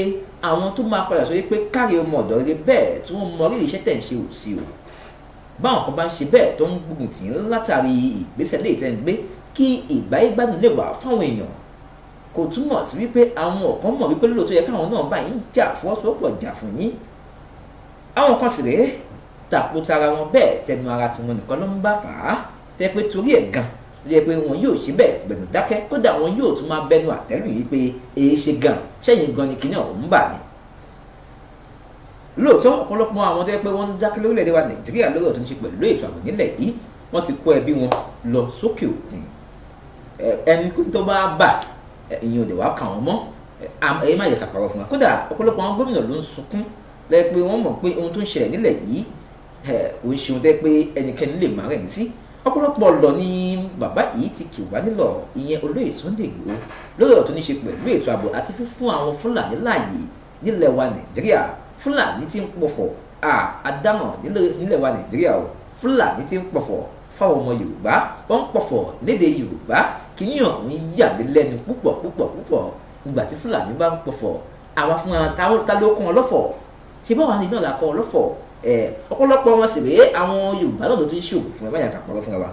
àwọn tó máa padà sọ pé káre ọmọ ọ̀dọ́ rere bẹ́ẹ̀ tí wọ́n mọ rírì iṣẹ́ tẹ̀ ń ṣe ò sí o báwọn kan bá ń ṣe bẹ́ẹ̀ tó ń gbógun tì í látàrí ìgbésẹ̀ lè tẹ́ ń gbé kí ìgbáyé gbádùn lè wà fáwọn èèyàn kò túmọ̀ sí wípé àwọn ọ̀kan mọ̀ wípé lóòótọ́ yẹ káwọn náà bá yín jà fọwọ́sowọ́pọ̀ jà fún yín àwọn kan sì rèé tàpótara wọn bẹ́ẹ̀ tẹnu ara tiwọn nìkan ló ń bá fà á tẹ́ pé torí ẹ̀ gan-an ló pé wọn yóò ṣe bẹ́ẹ̀ gbẹ̀nù dákẹ́ kódà wọn yóò tún máa bẹnu àtẹ́lù yìí pé èé ṣe gan sẹ́yìn gan ni kinní ọ̀hún bà ní. lóòótọ́ ọ̀pọ̀lọpọ̀ àwọn tó yẹ pé wọ́n ń dákẹ́ lórílẹ̀‐èdè wa nàìjíríà lórí ọ̀tún ṣe pẹ̀lú ètò ààbò nílẹ̀ yìí wọ́n ti kó ẹbí wọn lọ sókè òkun ẹni tó bá bà ìyẹn ò dé kà wọ́n mọ́ èyí má yẹ ká fún wa kódà ọ̀pọ̀lọpọ̀ àwọn gómìnà ló ń ọ̀pọ̀lọpọ̀ ọ̀lọ̀ ni bàbá yìí ti kì wá nílọ̀ ìyẹn olóyè Sunday Igboho lórí ọ̀rọ̀ tó ní ṣe pẹ̀lú ètò ààbò àti fífún àwọn Fúlàní láàyè nílẹ̀ wa Nàìjíríà Fúlàní ti ń pọ̀fọ̀ àdámọ̀ nílẹ̀ wa Nàìjíríà o Fúlàní ti ń pọ̀fọ̀ fáwọn ọmọ Yorùbá wọ́n ń pọ̀fọ̀ lédè Yorùbá kìíní ọ̀hún yà mí lẹ́nu púpọ̀ púpọ̀ púpọ̀ ìgbà tí Fúlàní bá ń pọ̀fọ̀ àwa fúnra ta ló kún ọlọ́fọ̀ ṣe báwa ni náà la kọ ọ̀pọ̀lọpọ̀ wọn sì rèé àwọn Yorùbá náà ló ti ń ṣògùn fún ẹ báyà àtàpọ̀lọ́ fúnra wa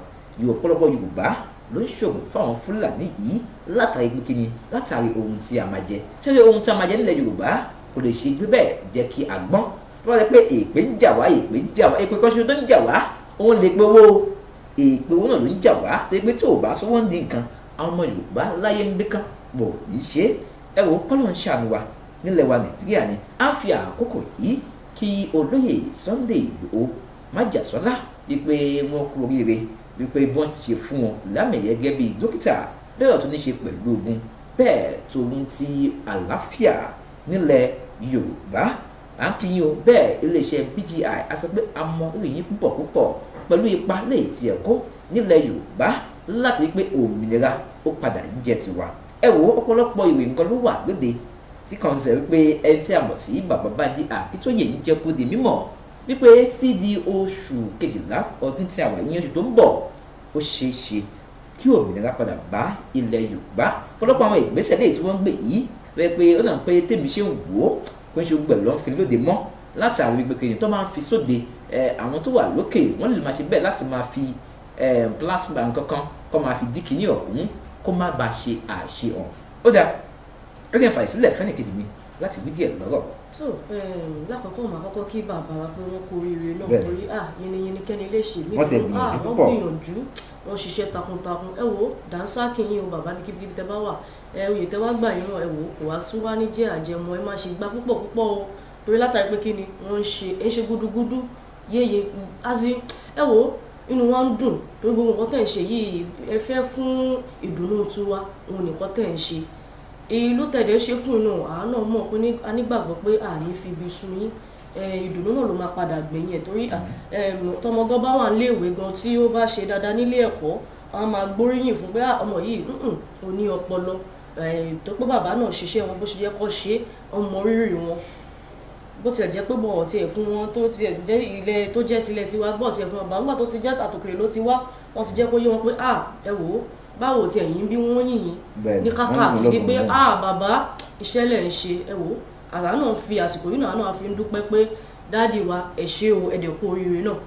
ọ̀pọ̀lọpọ̀ Yorùbá ló ń ṣògùn fáwọn Fúlàní yìí látàrí kíni látàrí ohun tí a máa jẹ ṣẹlẹ̀ ohun tí a máa jẹ nílẹ̀ Yorùbá kò lè ṣe gbé bẹ́ẹ̀ jẹ́ kí a gbọ́n tó bá rẹ pé èpè ń jà wá èpè ń jà wá èpè kan ṣoṣo tó ń jà wá òun lè pe owó èpè owó náà ló ń jà wá tó yẹ pé tí ò bá sọ wọ́n ní nǹkan àwọn ọmọ Yorùbá láyé ń bí kan bò ní ṣe é ẹ wò ó kọ́ ló ń ṣàánú wa nílẹ̀ wa Nàìjíríà ni à fi àkókò yìí kí olóyè Sunday Ìgbòho májàsọ́lá wípé wọ́n kú oríire wípé bọ́n ti ṣe fún wọn lámẹ̀yẹ gẹ́gẹ́ bíi dókítà lọ́rọ̀ tó ní ṣe pẹ̀lú ogun bẹ́ẹ̀ tòun ti àlàáfíà nílẹ̀ Yorùbá à ń kí yín o bẹ́ẹ̀ iléeṣẹ́ BGI a sọ pé a mọ orí yín púpọ̀ púpọ̀ pẹ̀lú ipa lè ti ẹ̀kọ́ nílẹ̀ Yorùbá láti rí pé òmìnira ó padà ń tiwa ẹ wo ọ̀pọ̀lọpọ̀ ìwé nǹkan ló wà lóde tí kan ṣe wípé ẹni tí a mọ̀ sí bàbá Bánjí Akíntóyè yìí jẹ́ kó di mímọ̀ wípé tí di oṣù kejìlá ọdún tí a wà ní oṣù tó ń bọ̀ ó ṣeé ṣe kí òmìnira padà bá ilẹ̀ Yorùbá ọ̀pọ̀lọpọ̀ àwọn ìgbésẹ̀ lẹ́yìn tí wọ́n ń gbé yìí rẹ pé ó dàn pé tèmi ṣe ń wò ó kó ń ṣe gbẹ̀ lọ́n fi lóde mọ́ látàrí gbogbo ènìyàn tó máa ń fi sóde àwọn tó wà lókè wọ́n lè máa ṣe bẹ́ẹ̀ láti máa fi plasma kankan kó máa fi dí kìíní ọ̀hún kó má bàa ṣe àṣehàn ó dáa ó dẹ̀ fàyè sílẹ̀ fẹ́nì kejì mi láti wí díẹ̀ lọ́rọ̀. tó um, lákòókò màá kọ́kọ́ kí bàbá wa pé wọ́n kó oríire náà torí à ah, yìnyínní kẹ́ni lè ṣe mí wọ́n ah, gbìyànjú wọ́n ṣiṣẹ́ takuntakun ẹ wo dànsá kìnyín o bàbá ní kíbíkíbi tẹ bá wà ẹ oyè tẹ wá gbà yín ẹ wo kò wá tún wá ní jẹ́ àjẹmọ́ ẹ má ṣe gbà púpọ̀ púpọ̀ o torí látàrí pé kí ni wọ́n ń ṣe ẹ ń ṣe gúdúgúdú yéye azí ẹ wo inú wa ń dùn torí gbogbo nǹkan tẹ̀ ń ṣe yìí ẹ fẹ́ fún ìdùnnú tiwa òun nìkan tẹ̀ ń ṣe èyí ló tẹ̀lé ṣe fún inú àánú mọ̀ pé anígbàgbọ́ pé àní fi ibi sun yín ìdùnnú náà ló máa padà gbẹ̀yìn ẹ̀ torí tọmọgán bá wà níléèwé gan tí ó bá ṣe dáadáa nílé ẹ̀kọ́ wọn máa gbóríyìn fún pé ọmọ yìí ò ní ọpọlọ tó pé bàbá náà ṣiṣẹ́ wọn bó ṣe yẹ kó ṣe ọmọ rírì wọn bó tilẹ̀ jẹ́ pé bọ̀ ọ̀ tiẹ̀ fún wọn tó tiẹ̀ jẹ́ ilẹ̀ tó jẹ́ tilẹ̀ tiwa bọ̀ tiẹ̀ fún wọn bàbá tó ti jẹ́ àtòkèrè ló ti wá wọn ti jẹ́ kó yé wọn pé ẹ wò ó báwo ti ẹ̀yìn bí wọ́n yìnyín ní kákà kí pé a ah, bàbá iṣẹ́ lẹ̀ ń ṣe ẹ wò àlá náà fi àsìkò yìí náà náà fi ń dúpẹ́ pé dáàdì wa ẹ ṣé o ẹ̀dẹ̀ kú oríire náà.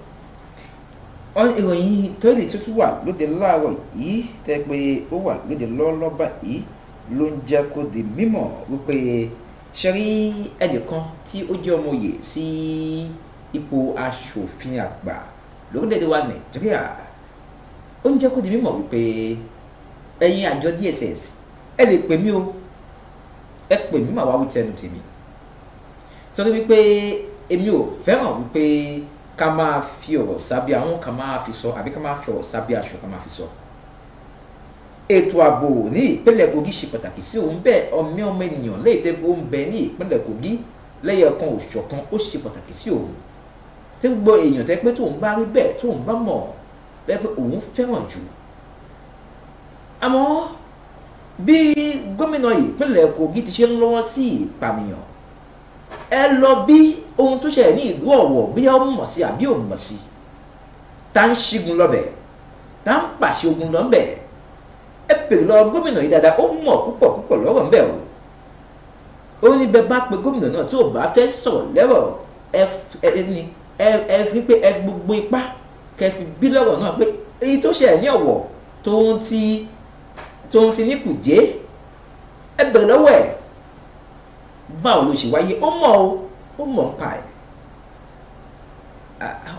ìròyìn tóyìlì tuntun wà lóde láàárọ̀ yìí tẹ́ pé ó wà lóde lọ́lọ́ba yìí ló ń jẹ́ kó di mímọ̀ wípé ṣe rí ẹnìkan tí ó jẹ́ ọmọ òye sí ipò aṣòfin àgbà lórílẹ̀‐èdè wa Nàìjíríà ó ń jẹ́ kó di mímọ̀ wípé ẹ̀yin àjọ DSS ẹ lè pè mí o ẹ pè mí màá wá wí tẹnu tèmi sọ wípé èmi ò fẹ́ràn wípé ká máa fi ọ̀rọ̀ sábẹ́ àwọn ká máa fi sọ àbí ká máa fi ọ̀rọ̀ sábẹ́ aṣọ ká máa fi sọ ètò ààbò ní ìpínlẹ̀ Kogi ṣe pàtàkì sí òun bẹ́ẹ̀ ọmọ ọmọ ènìyàn lẹ́yìn tẹ́ bó ń bẹ ní ìpínlẹ̀ Kogi lẹ́yìn ọkàn òṣọ̀kan ó ṣe pàtàkì sí òun tí gbogbo èèyàn tẹ́ pé tóun bá rí bẹ́ẹ̀ tóun bá mọ̀ bẹ́ẹ̀ pé òun fẹ́ràn jù àmọ́ bí gómìnà ìpínlẹ̀ Kogi ti ṣe ń lọ́wọ́ sí ìpànìyàn ẹ lọ bí ohun tó ṣẹlẹ̀ ní ìlú Ọ̀wọ̀ bí ó mọ̀ sí àbí ò mọ̀ sí tá ń ṣígun lọ́bẹ̀ tá ń pàṣẹ ogun lọ́bẹ̀ ẹ pèrè lọ gómìnà yìí dáadáa ó mọ̀ púpọ̀ púpọ̀ lọ́rọ̀ ńbẹ̀ o ó ní bẹ́ẹ̀ bá pe gómìnà náà tí ò bá fẹ́ sọ̀rọ̀ lẹ́rọ̀ ẹ fi pé ẹ gbogbo ipá kẹ́ bí lọ́rọ̀ náà pé èyí tó ṣẹlẹ̀ ní Ọ̀wọ̀ tó ń ti tóun ti ní kùjé ẹ bẹ̀rẹ̀ lọ́wọ́ ẹ̀ báwo ló ṣe wáyé ó mọ̀ ó ó mọ̀ ń pa ẹ̀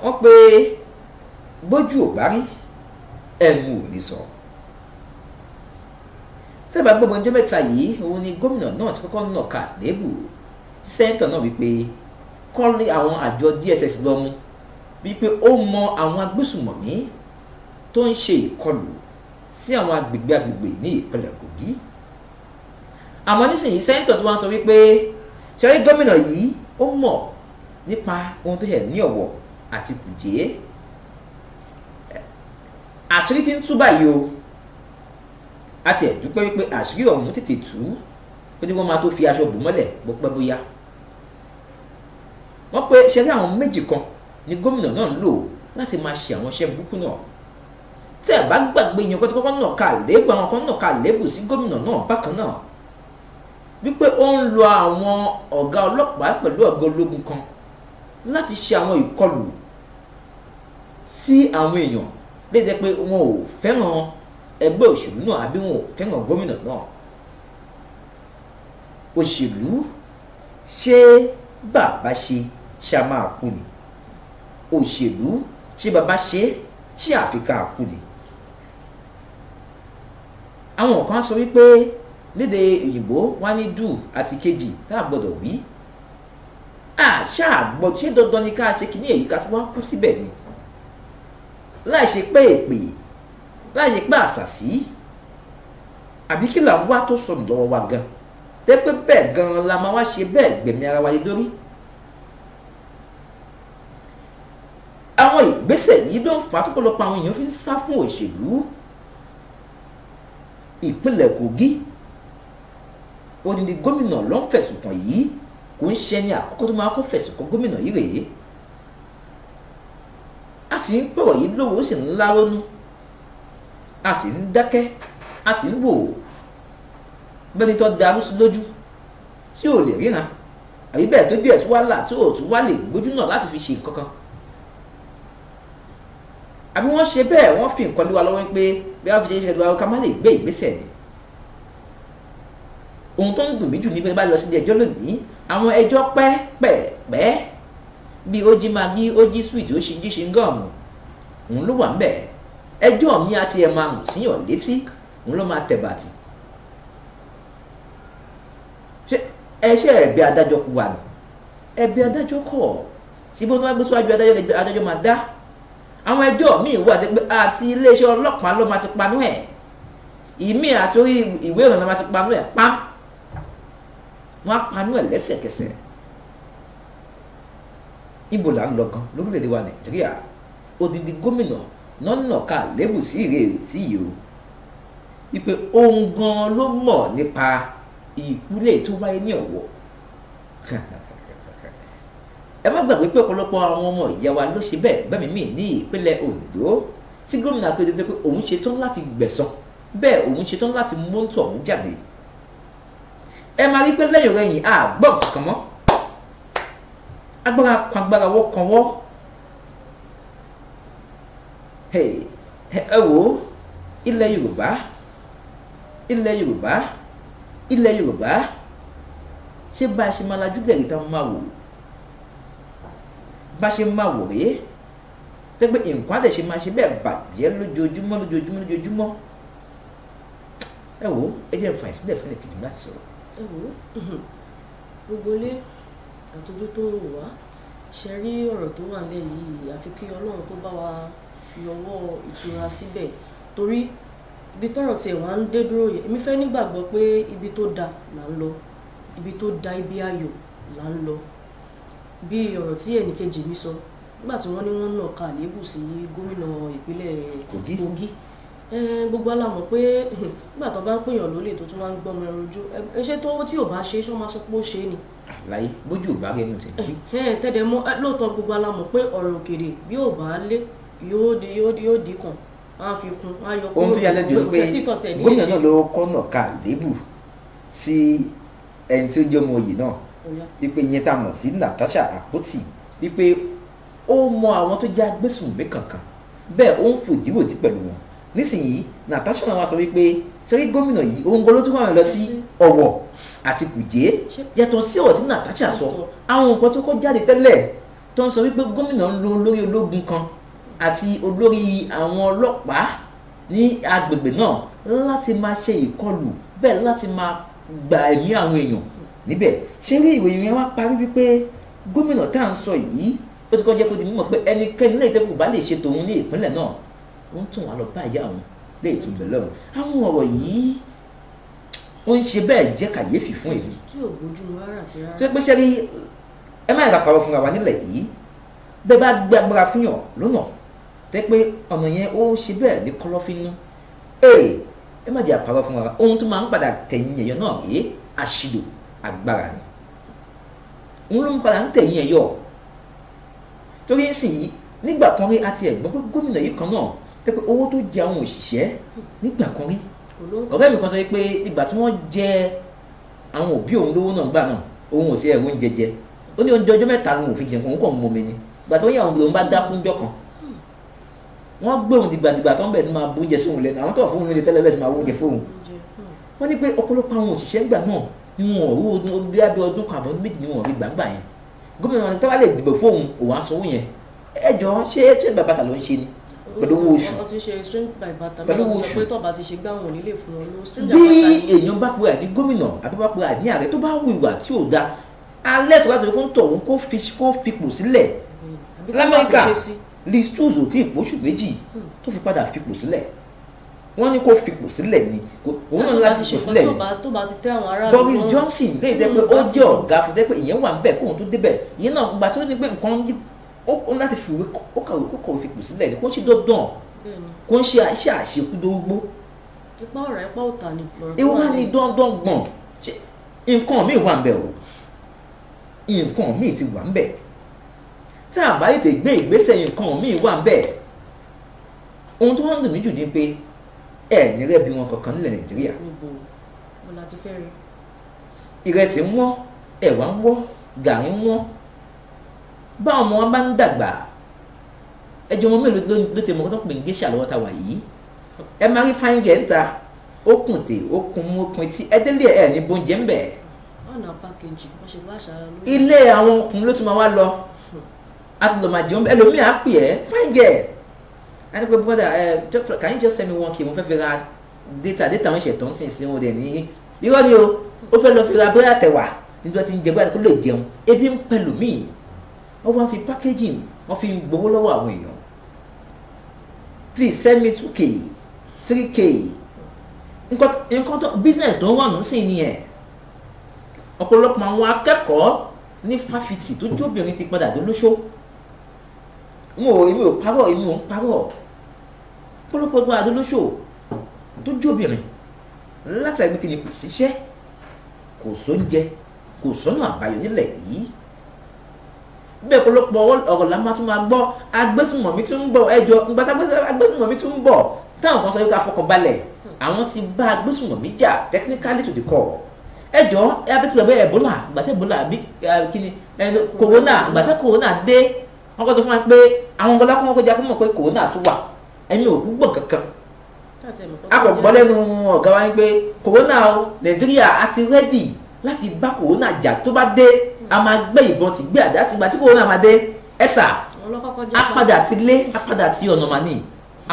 wọ́n pé bójú ò bá rí ẹnu ò ní sọ fẹ́ẹ́ bá gbọ́mọ ọjọ́ mẹ́ta yìí òun ni gómìnà náà ti kọ́kọ́ nàka lébù sẹ́ńtọ̀ náà wípé kọ́ni àwọn àjọ DSS lọ́mú wípé ó mọ àwọn agbésùmọ̀mí tó ń ṣe ìkọlù sí àwọn agbègbè agbègbè ní ìpínlẹ̀ Kogi àmọ́ nísìnyí sẹ́ńtọ̀ tí wọ́n sọ wípé ṣẹ́rí gómìnà yìí ó mọ̀ nípa ohun tó yẹ ní ọ̀wọ̀ àti kùjẹ́ àṣírí ti ń tú báyìí o àti ẹ̀dúpẹ́ wípé àṣírí ọ̀hún tètè tú pé tí wọ́n máa tó fi aṣọ bò mọ́lẹ̀ bó pẹ́ bóyá wọ́n pe ṣẹ́rí àwọn méjì kan ni gómìnà náà ń lò láti máa ṣe àwọn iṣẹ́ burúkú náà tẹ́ ẹ̀ bá gbàgbé ìyẹn kó ti kọ́kọ́ nàka àlébù àwọn kan nàka àlébù sí gómìnà náà bákan náà wípé ó ń lo àwọn ọ̀gá ọlọ́pàá pẹ̀lú ọ̀gá ológun kan láti ṣe àwọn ìkọlù sí àwọn èèyàn léde pé wọn ò fẹ́ràn ẹgbẹ́ òṣèlú náà àbí wọn ò fẹ́ràn gómìnà náà òṣèlú ṣé bàbá ṣe ṣá máa kú ni òṣèlú ṣé bàbá ṣe ṣé àfikà kú ni àwọn kan sọ wípé léde òyìnbó wọn ní do àti kejì tá a gbọdọ̀ wí àṣà àgbọ̀ ṣé dandan ni ká ṣe kíní èyí ká tó wá kú síbẹ̀ ni láì ṣe pé èpè láì ṣe pé àṣàṣì àbí kí là ń wá tó sọnù lọ́wọ́ wa gan tẹ́pẹ́ bẹ́ẹ̀ gan la máa wá ṣe bẹ́ẹ̀ gbẹ̀mí ara wa yé lórí. àwọn ìgbésẹ̀ yìí ló ń fa tó pọ̀lọpọ̀ àwọn èèyàn fi ń sá fún òṣèlú ìpínlẹ̀ Kogi odindi gómìnà ló ń fẹ̀sùn kàn yìí kò ń ṣe ẹni àkọ́kọ́ tó máa kó fẹ̀sùn kàn gómìnà yìí rèé a sì ń pọ̀rọ̀ yìí lówó ó sì ń lárónú a sì ń dákẹ́ a sì ń wò ó bẹ́ni tó darú sí lójú tí ò lè ríran àbí bẹ́ẹ̀ tó bí ẹ̀ tó wá là tó ò tún wá lè gbójú náà láti fi ṣe nǹkan kan àbí wọ́n ṣe bẹ́ẹ̀ wọ́n fi nǹkan lé wa lọ́wọ́ pé bí a fi ṣe ṣe ìgbà ká má lè gbé ìgbésẹ̀ ni ohun tó ń dùn mí jù ní bí wọ́n bá lọ sílé ẹjọ́ lónìí àwọn ẹjọ́ pẹ́pẹ́pẹ́ bí ó jí magi ó jí sweet ó ṣe jí ṣe ń gọ̀ọ̀mù òun ló wà ń bẹ̀ ẹjọ́ mi àti ẹ̀ máa hùn síyàn létí òun ló máa tẹ̀bàtì ẹṣẹ́ ẹ̀bí wa ni ẹ̀bí adájọ́ kọ̀ síbi ó tó wá gbé síwájú adájọ́ adájọ́ máa dá àwọn ẹjọ́ míì wà tí àti iléeṣẹ́ ọlọ́pàá ló máa ti panú ẹ̀ ìmí àti orí ìwé ìròyìn ló máa ti panú ẹ̀ pam wọ́n á panú ẹ̀ lẹ́sẹ̀kẹsẹ̀ ibo là ń lọ gan lórílẹ̀‐èdè wa nàìjíríà odidi gómìnà nọ́nà ká lébù sí ìrèé sí yìí o wípé òun gan ló mọ̀ nípa ìkúlẹ̀ tó wáyé ní ọ̀wọ̀ ẹ má gbàgbé pé ọ̀pọ̀lọpọ̀ àwọn ọmọ ìyá wa ló ṣe bẹ́ẹ̀ bẹ́ẹ̀ mímì ní ìpínlẹ̀ Ondo tí gómìnà akéde ti pé òun ṣetán láti gbẹ̀san bẹ́ẹ̀ òun ṣetán láti mọ́tò ọ̀hún jáde ẹ máa rí pé lẹ́yìn rẹ̀ yìn àgbọ̀ kàn mọ́ agbára kan agbára wọ́ kan wọ́ ẹ wò ó ilẹ̀ Yorùbá ilẹ̀ Yorùbá ilẹ̀ Yorùbá ṣé bá a ṣe máa lajú gẹ̀rì táwọn máa wò ó bá ṣe máa wò rèé tẹ́gbẹ́ nǹkan àdẹ̀ ṣe máa ṣe bẹ́ẹ̀ bàjẹ́ lójoojúmọ́ lójoojúmọ́ lójoojúmọ́ ẹ wo ẹ jẹ́ fàyè sílẹ̀ fún ẹnìkejì láti sọ̀rọ̀. ẹ wo mhm. gbogbo ilé àtọ́jú tó ń wá ṣe rí ọ̀rọ̀ tó wà nílẹ̀ yìí àfi kí ọlọ́run kó bá wa fi ọwọ́ ìtura síbẹ̀ torí ibi tọ́rọ̀ tiẹ̀ wá ń dé dúró yẹn èmi fẹ́ nígbàgbọ́ pé ibi tó da là ń lọ ibi tó da ibi ayọ̀ là ń lọ bí ọ̀rọ̀ tí ẹnìkejì mi sọ nígbà tí wọ́n ní wọ́n nà ká àléébù sí gómìnà ìpínlẹ̀ Kogi gbogbo alámọ̀ pé nígbà tó bá ń pèèyàn lólè tó tún wá ń gbọ́mọ ẹran ojú ẹṣẹ́ tó tí ò bá ṣe é ṣọ́ máa sọ pé ó ṣe é ni. àlàyé bójú ò bá rẹnu tẹ. tẹ́lẹ̀ mọ́ lóòótọ́ gbogbo alámọ̀ pé ọ̀rọ̀ òkèrè bí ò bá lé yóò di yóò di yóò di kan á fi kun á yọ kúrò. ohun tó yàtọ̀ jù ni pé gómìnà náà ló kọ́nà wípé ìyẹn tá a mọ̀ sí Natasha Akpoti wípé ó mọ àwọn tó já gbésùnmí kankan bẹ́ẹ̀ ó ń fòdìwòdì pẹ̀lú wọn nísìnyí Natasha náà wá sọ wípé sẹ́rí gómìnà yìí òun gan ló tún wà lọ sí Ọ̀wọ̀ àti Kùjé yàtọ̀ sí ọ̀rọ̀ tí Natasha sọ àwọn nǹkan tó kọ́ jáde tẹ́lẹ̀ tó ń sọ wípé gómìnà ń lo olórí ológun kan àti olórí àwọn ọlọ́pàá ní agbègbè náà láti máa ṣe ìkọlù bẹ́ẹ̀ láti máa gba ẹ̀mí àwọn èèyàn níbẹ̀ ṣé rí ìròyìn yẹn wá parí wípé gómìnà tá à ń sọ yìí ó ti kọ́ jẹ́ kó di mímọ̀ pé ẹnikẹ́ni lè tẹ́kù bá lè ṣe tòun ní ìpínlẹ̀ náà wọ́n tún wà lọ bá ìyá òun lè tún bẹ̀ lọ́rùn àwọn ọ̀rọ̀ yìí ó ń ṣe bẹ́ẹ̀ jẹ́ kàyéfì fún èmi. tí ò bójú rárá àti rárá. tó pé ṣe rí ẹ má ìràpàrọ̀ fúnra wa nílẹ̀ yìí bẹ́ẹ̀ bá gbé agbára fihàn lónà tó pé ọ̀nà yẹn ó ṣe bẹ́ẹ̀ ní kọ́lọ́fínú ẹ má jẹ́ àpàrọ̀ fúnra wa ohun tó máa ń padà tẹ̀yìn ẹ̀yọ náà rèé àṣìlò agbára ni òun ló ń padà ń tẹ̀yìn ẹ̀yọ́ torí ń sìn yìí nígbà kan rí àti ẹ̀gbọ́n pé gómìnà yìí kan náà pé pé owó tó jẹ àwọn òṣìṣẹ́ nígbà kan rí ọ̀rẹ́ mi kan sọ pé ìgbà tí wọ́n jẹ àwọn òbí òun lówó náà gbà náà òun ò sí ẹ̀rọ oúnjẹ jẹ ó ní oúnjẹ ọjọ́ mẹ́ta lòun ò fi jẹun kò ń mọ mi ni ìgbà tó yẹ àwọn òun bá dákú ńjọ́ kan wọ́n gbé òun dìgbàdìgbà tó ń bẹ̀rẹ̀ sí máa bóúnjẹ sóun lẹ́nu àwọn tó wà fún òun tẹ́lẹ̀ bẹ̀rẹ̀ sí máa wóúnjẹ fóun wọ́n ní pé ọ̀pọ̀lọpọ̀ àwọn òṣìṣẹ́ gbà náà ni wọn ò rú bí abẹ ọdún kan àbọ̀dún méjì ni wọn ò rí gbàgbà yẹn gómìnà tó bá lè dìbò fóun òun àsanwó yẹn ẹ jọ ṣé ṣé bàbàtà ló ń ṣe ni pẹ̀lú owó oṣù pẹ̀lú owó oṣù bí èèyàn bá pe àní gómìnà àbí bá pe àní ààrẹ tó bá wù ìwà tí ò da alẹ́ tó bá ti fi kó ń tọ̀ òun kó fi kó fipò sílẹ̀ lamẹ́ríkà Liz Truss tí ì pòṣù méjì hmm. tó fi padà fipò sílẹ̀ wọ́n ní kó fipò sílẹ̀ ni òun náà láti fipò sílẹ̀ ni Boris Johnson bẹ́ẹ̀ jẹ́ pé ó jẹ́ ọ̀gá fún jẹ́ pé ìyẹn wà ń bẹ̀ kóun tó débẹ̀ ìyẹn náà gbà tó ní pé nǹkan ó láti fìwé ó kàwé kó kọ̀wé fipò sílẹ̀ ni kó ń ṣe dandan hmm. kó ń ṣe iṣẹ́ àṣekúdórógbó. ipa ọ̀rọ̀ ipa ọ̀tà ni lọ́rọ̀ fún wa ni. ìwà ni dandan gbọ̀n nǹkan míì wà ń o nǹkan míì ti wà ń bẹ̀ tá a gbé ìgbésẹ̀ nǹkan míì wà ń ohun tó wọ́n dùn mí jù ni pé ẹ nírẹ́ bí wọn kankan nílẹ̀ nàìjíríà ìrẹsì ń wọ́n ẹ̀wà ń wọ́n gàrí ń wọ́n báwọn ọmọ wa bá ń dàgbà ẹjọ́ wọn mélòó ló ti mọ kó tó pè ní géṣà lọ́wọ́ ta wà yìí ẹ máa rí fáyín jẹ́ ó kùn tè ó kùn mú okùn etí ẹ délé ẹ ní bóúnjẹ ń bẹ̀. ọ̀nà pákéjì wọ́n ṣe wá aṣáájú. ilé àwọn ọkùnrin ló tún máa wá lọ hmm. a ti lọ máa jẹun ẹlòmíà á pè ẹ́ fáyín jẹ́ ẹ̀ ẹni pé brother ẹ can you just send me one k mo fẹ́ fi ra data data wọn ṣètò ń sìn sí wọn dẹ̀ ní irọ́ ni o ó fẹ́ lọ fi ra búrẹ́dì àtẹ̀wà nígbà tí ń jẹ búrẹ́dì kó lè jẹun ebi ń pẹ̀lú míì wọ́n wá fi packaging wọ́n fi ń gbowó lọ́wọ́ àwọn èèyàn please send me two k three k nǹkan tó business tó ń wà nísìnyí nìyẹn ọ̀pọ̀lọpọ̀ àwọn akẹ́kọ̀ọ́ ní fáfitì tó jóbìnrin ti padà dé lóṣó n ò èmi ò parọ́ èmi ò ń parọ́ pọ́lọ́pọ́ gbọ́n adolóṣò tó jóbìnrin látàrí kí ni kò síṣẹ́ kò sóúnjẹ kò sọ́nà àbáyọ nílẹ̀ yìí bẹ́ẹ̀ pọ́lọ́pọ́ ọ̀rọ̀ la máa tún máa gbọ́ agbésùmọ̀mí tún ń bọ̀ ẹjọ́ ngbàtà agbésùmọ̀mí tún ń bọ̀ táwọn kan sọ yóò ká fọkàn balẹ̀ àwọn ti bá agbésùmọ̀mí jà technically to the core ẹjọ́ abẹ́tí lọ bẹ́ẹ̀ Ebola gbàtẹ́ Ebola àbí kí ni corona gbàtẹ́ corona dé wọ́n kọ́ sọ fún wa pé àwọn nǹkan lákùnrin kọjá fún mọ̀ pé kòrónà tún wà ẹ̀yin ò gbúgbọ̀n kankan akọ̀gbọ́ lẹ́nu ọ̀gá wa pé kòrónà nàìjíríà a ti rẹ́dì láti bá kòrónà jà tó bá dé a máa gbé ìbọn ti gbé àdá ti gbà tí kòrónà máa dé ẹ̀sà apàdà ti lé apàdà ti ọ̀nà màní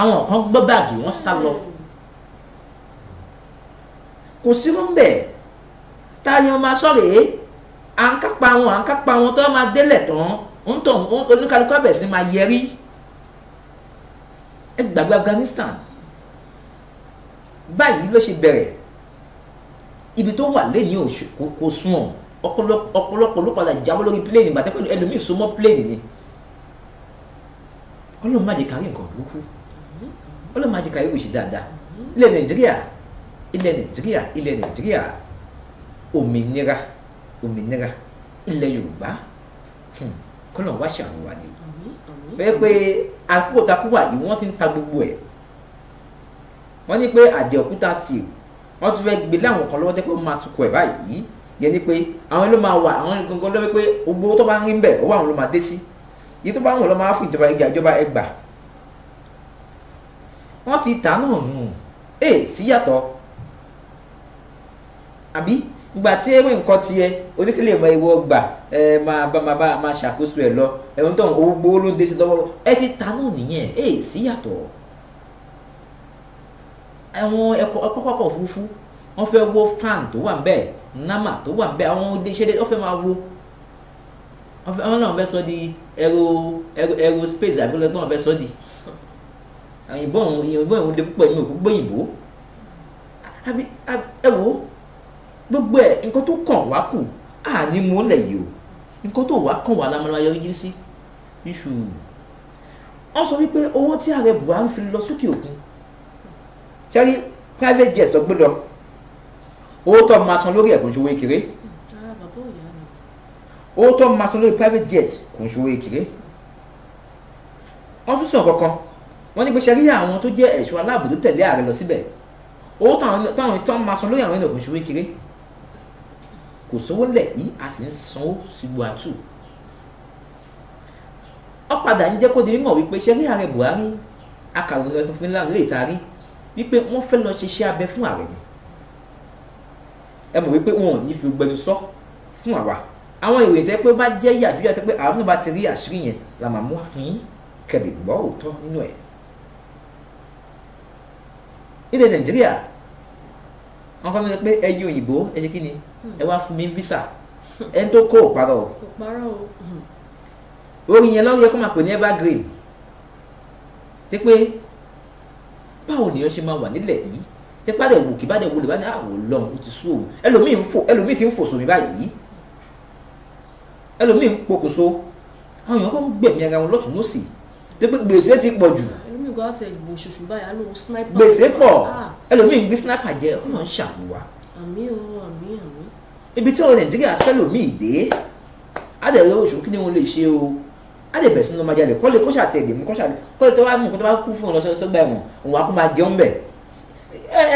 àwọn kan gbọ́ báàgì wọ́n sá lọ kò sí fún bẹ́ẹ̀ táyọ̀ máa sọ̀rọ̀ à ń kápá wọn à ń kápá wọn tó máa délẹ̀ tán ntọ oníkálukú abẹsí máa yẹrí ẹ gbàgbé Afghanistan báyìí ló ṣe bẹ̀rẹ̀ ibi tó wà lẹ́ni oṣù kò sún ọ ọ̀pọ̀lọpọ̀ ló padà jábọ́ lórí pílẹ̀nì gbàtẹ́ pẹ̀lú ẹlòmíì súnmọ́ pílẹ̀nì ni ọlọ́run má jẹ́ kárí nǹkan burúkú ọlọ́run má jẹ́ kárí òṣì dáadáa ilẹ̀ nàìjíríà ilẹ̀ nàìjíríà ilẹ̀ nàìjíríà òmìnira òmìnira ilẹ̀ yorùbá. Hmm kọ́nà wá ṣàánú wa ni bẹ́ẹ̀ pé àkókò takúwà yìí wọ́n ti ń ta gbogbo ẹ̀ wọ́n ní pé àjẹ́ òkúta steel wọ́n tún fẹ́ gbé láwọn kan lọ́wọ́ tẹ́ pé wọ́n máa tukọ̀ ẹ̀ báyìí yẹn ni pé àwọn ló máa wà àwọn gangan lọ́wọ́ pé gbogbo tó bá ń rí bẹ̀ owó àwọn ló máa dé sí yìí tó bá wọn lọ máa fún ìjọba ẹgbẹ́ àjọba ẹgbà wọ́n ti tà náà nù ẹ̀ síyàtọ̀ àbí ìgbà tí ewé nǹkan tiẹ̀ oníkèlè mọ ìwọ gbà ẹ máa bá máa bá máa ṣàkóso ẹ lọ ẹ̀rọ tó ń owó gbowó ló ń dé sí lọ́wọ́ ẹ ti ta náà nìyẹn ẹ ì sí yàtọ̀ àwọn ẹ̀kọ́ ọkọ̀ òfurufú wọ́n fẹ́ wo fan tó wà níbẹ̀ nama tó wà níbẹ̀ àwọn iṣẹ́ wọ́n fẹ́ máa wo wọ́n náà fẹ́ sọ di aero aero space àgbélẹ̀gbọ́n wọ́n fẹ́ sọ di òyìnbó òun òyìnbó òun lè púpọ̀ ní òkú gbóyìnbó ẹ wò ó gbogbo ẹ̀ nǹkan tó kàn wá kù àní mọ́lẹ̀ yìí o nǹkan tó wá kàn wá lámọ́lá yọrí sí iṣu wọ́n sọ wípé owó tí ààrẹ Buhari fi lọ sókè òkun sẹ́rí private jet lọ gbọ́dọ̀ owó tó máa san lórí ẹ̀ kò ń ṣòwò owó tó máa san lórí private jet kò ń ṣòwò kékeré wọ́n tún sàn kankan wọ́n ní pé ṣe rí àwọn tó jẹ́ ẹ̀ṣọ́ aláàbò tó tẹ̀lé ààrẹ lọ síbẹ̀ owó táwọn táwọn máa san lórí àwọn ènìyàn kò ń ṣòwò kò sówó lẹ̀ yìí a sì ń sanwó sí buhatu ọ̀padà ń jẹ́ kó di mímọ̀ wípé ṣe rí ààrẹ Buhari akàròyìn rẹ̀ funfun ńlá lóye taari wípé wọ́n fẹ́ lọ ṣiṣẹ́ abẹ fún ààrẹ ni ẹ mọ̀ wípé wọn ò ní fi gbẹnu sọ fún àwa àwọn ìròyìn tẹ́ pé bá jẹ́ yàjúyà tẹ́ pé àwọn náà bá ti rí àṣírí yẹn la máa mú wá fún yín kẹ̀lé gbọ́ òótọ́ nínú ẹ̀ ilẹ̀ Nàìjíríà wọn kọ́ mi sọ pé ẹ òyìnbó ẹ kí ni ẹ wá fún mi visa hmm. ẹ tó kó òparọ o hmm. orin yẹn lọ́wọ́ yẹ kó máa pè ní evergreen tí pé báwo nìyẹn ṣe máa wà nílẹ̀ yìí tí pàdé wò kí bàdé wò lè bá ní àwọn lọ́n o ti sú òun ẹlòmíì ń fò ẹlòmíì ti ń fò sómi báyìí ẹlòmíì ń pokùnso àwọn èèyàn kan ń gbẹ̀mí ara wọn lọ́tún lọ́sì tí pé gbèsè ti pọ̀ jù gbèsè pọ̀ ah. ẹlòmíì ń gbé sniper jẹ ọkùnrin náà ń ṣàmùwà àmì o àmì àmì. ibi tí ọ̀rọ̀ nàìjíríà sẹ́lò mí ìdè á dẹ̀ lọ oṣù kí ni wọ́n lè ṣe o á dẹ̀ bẹ̀rẹ̀ sí ní ọmọ jalè kọ́lé kọ́ṣà àti ẹ̀dẹ̀ mú kọ́ṣà kọ́lé tó bá mú kọ́tọ́ bá kú fún ọlọ́sọ sọ́gbà ẹ̀wọ̀n òun á kó máa jẹun bẹ̀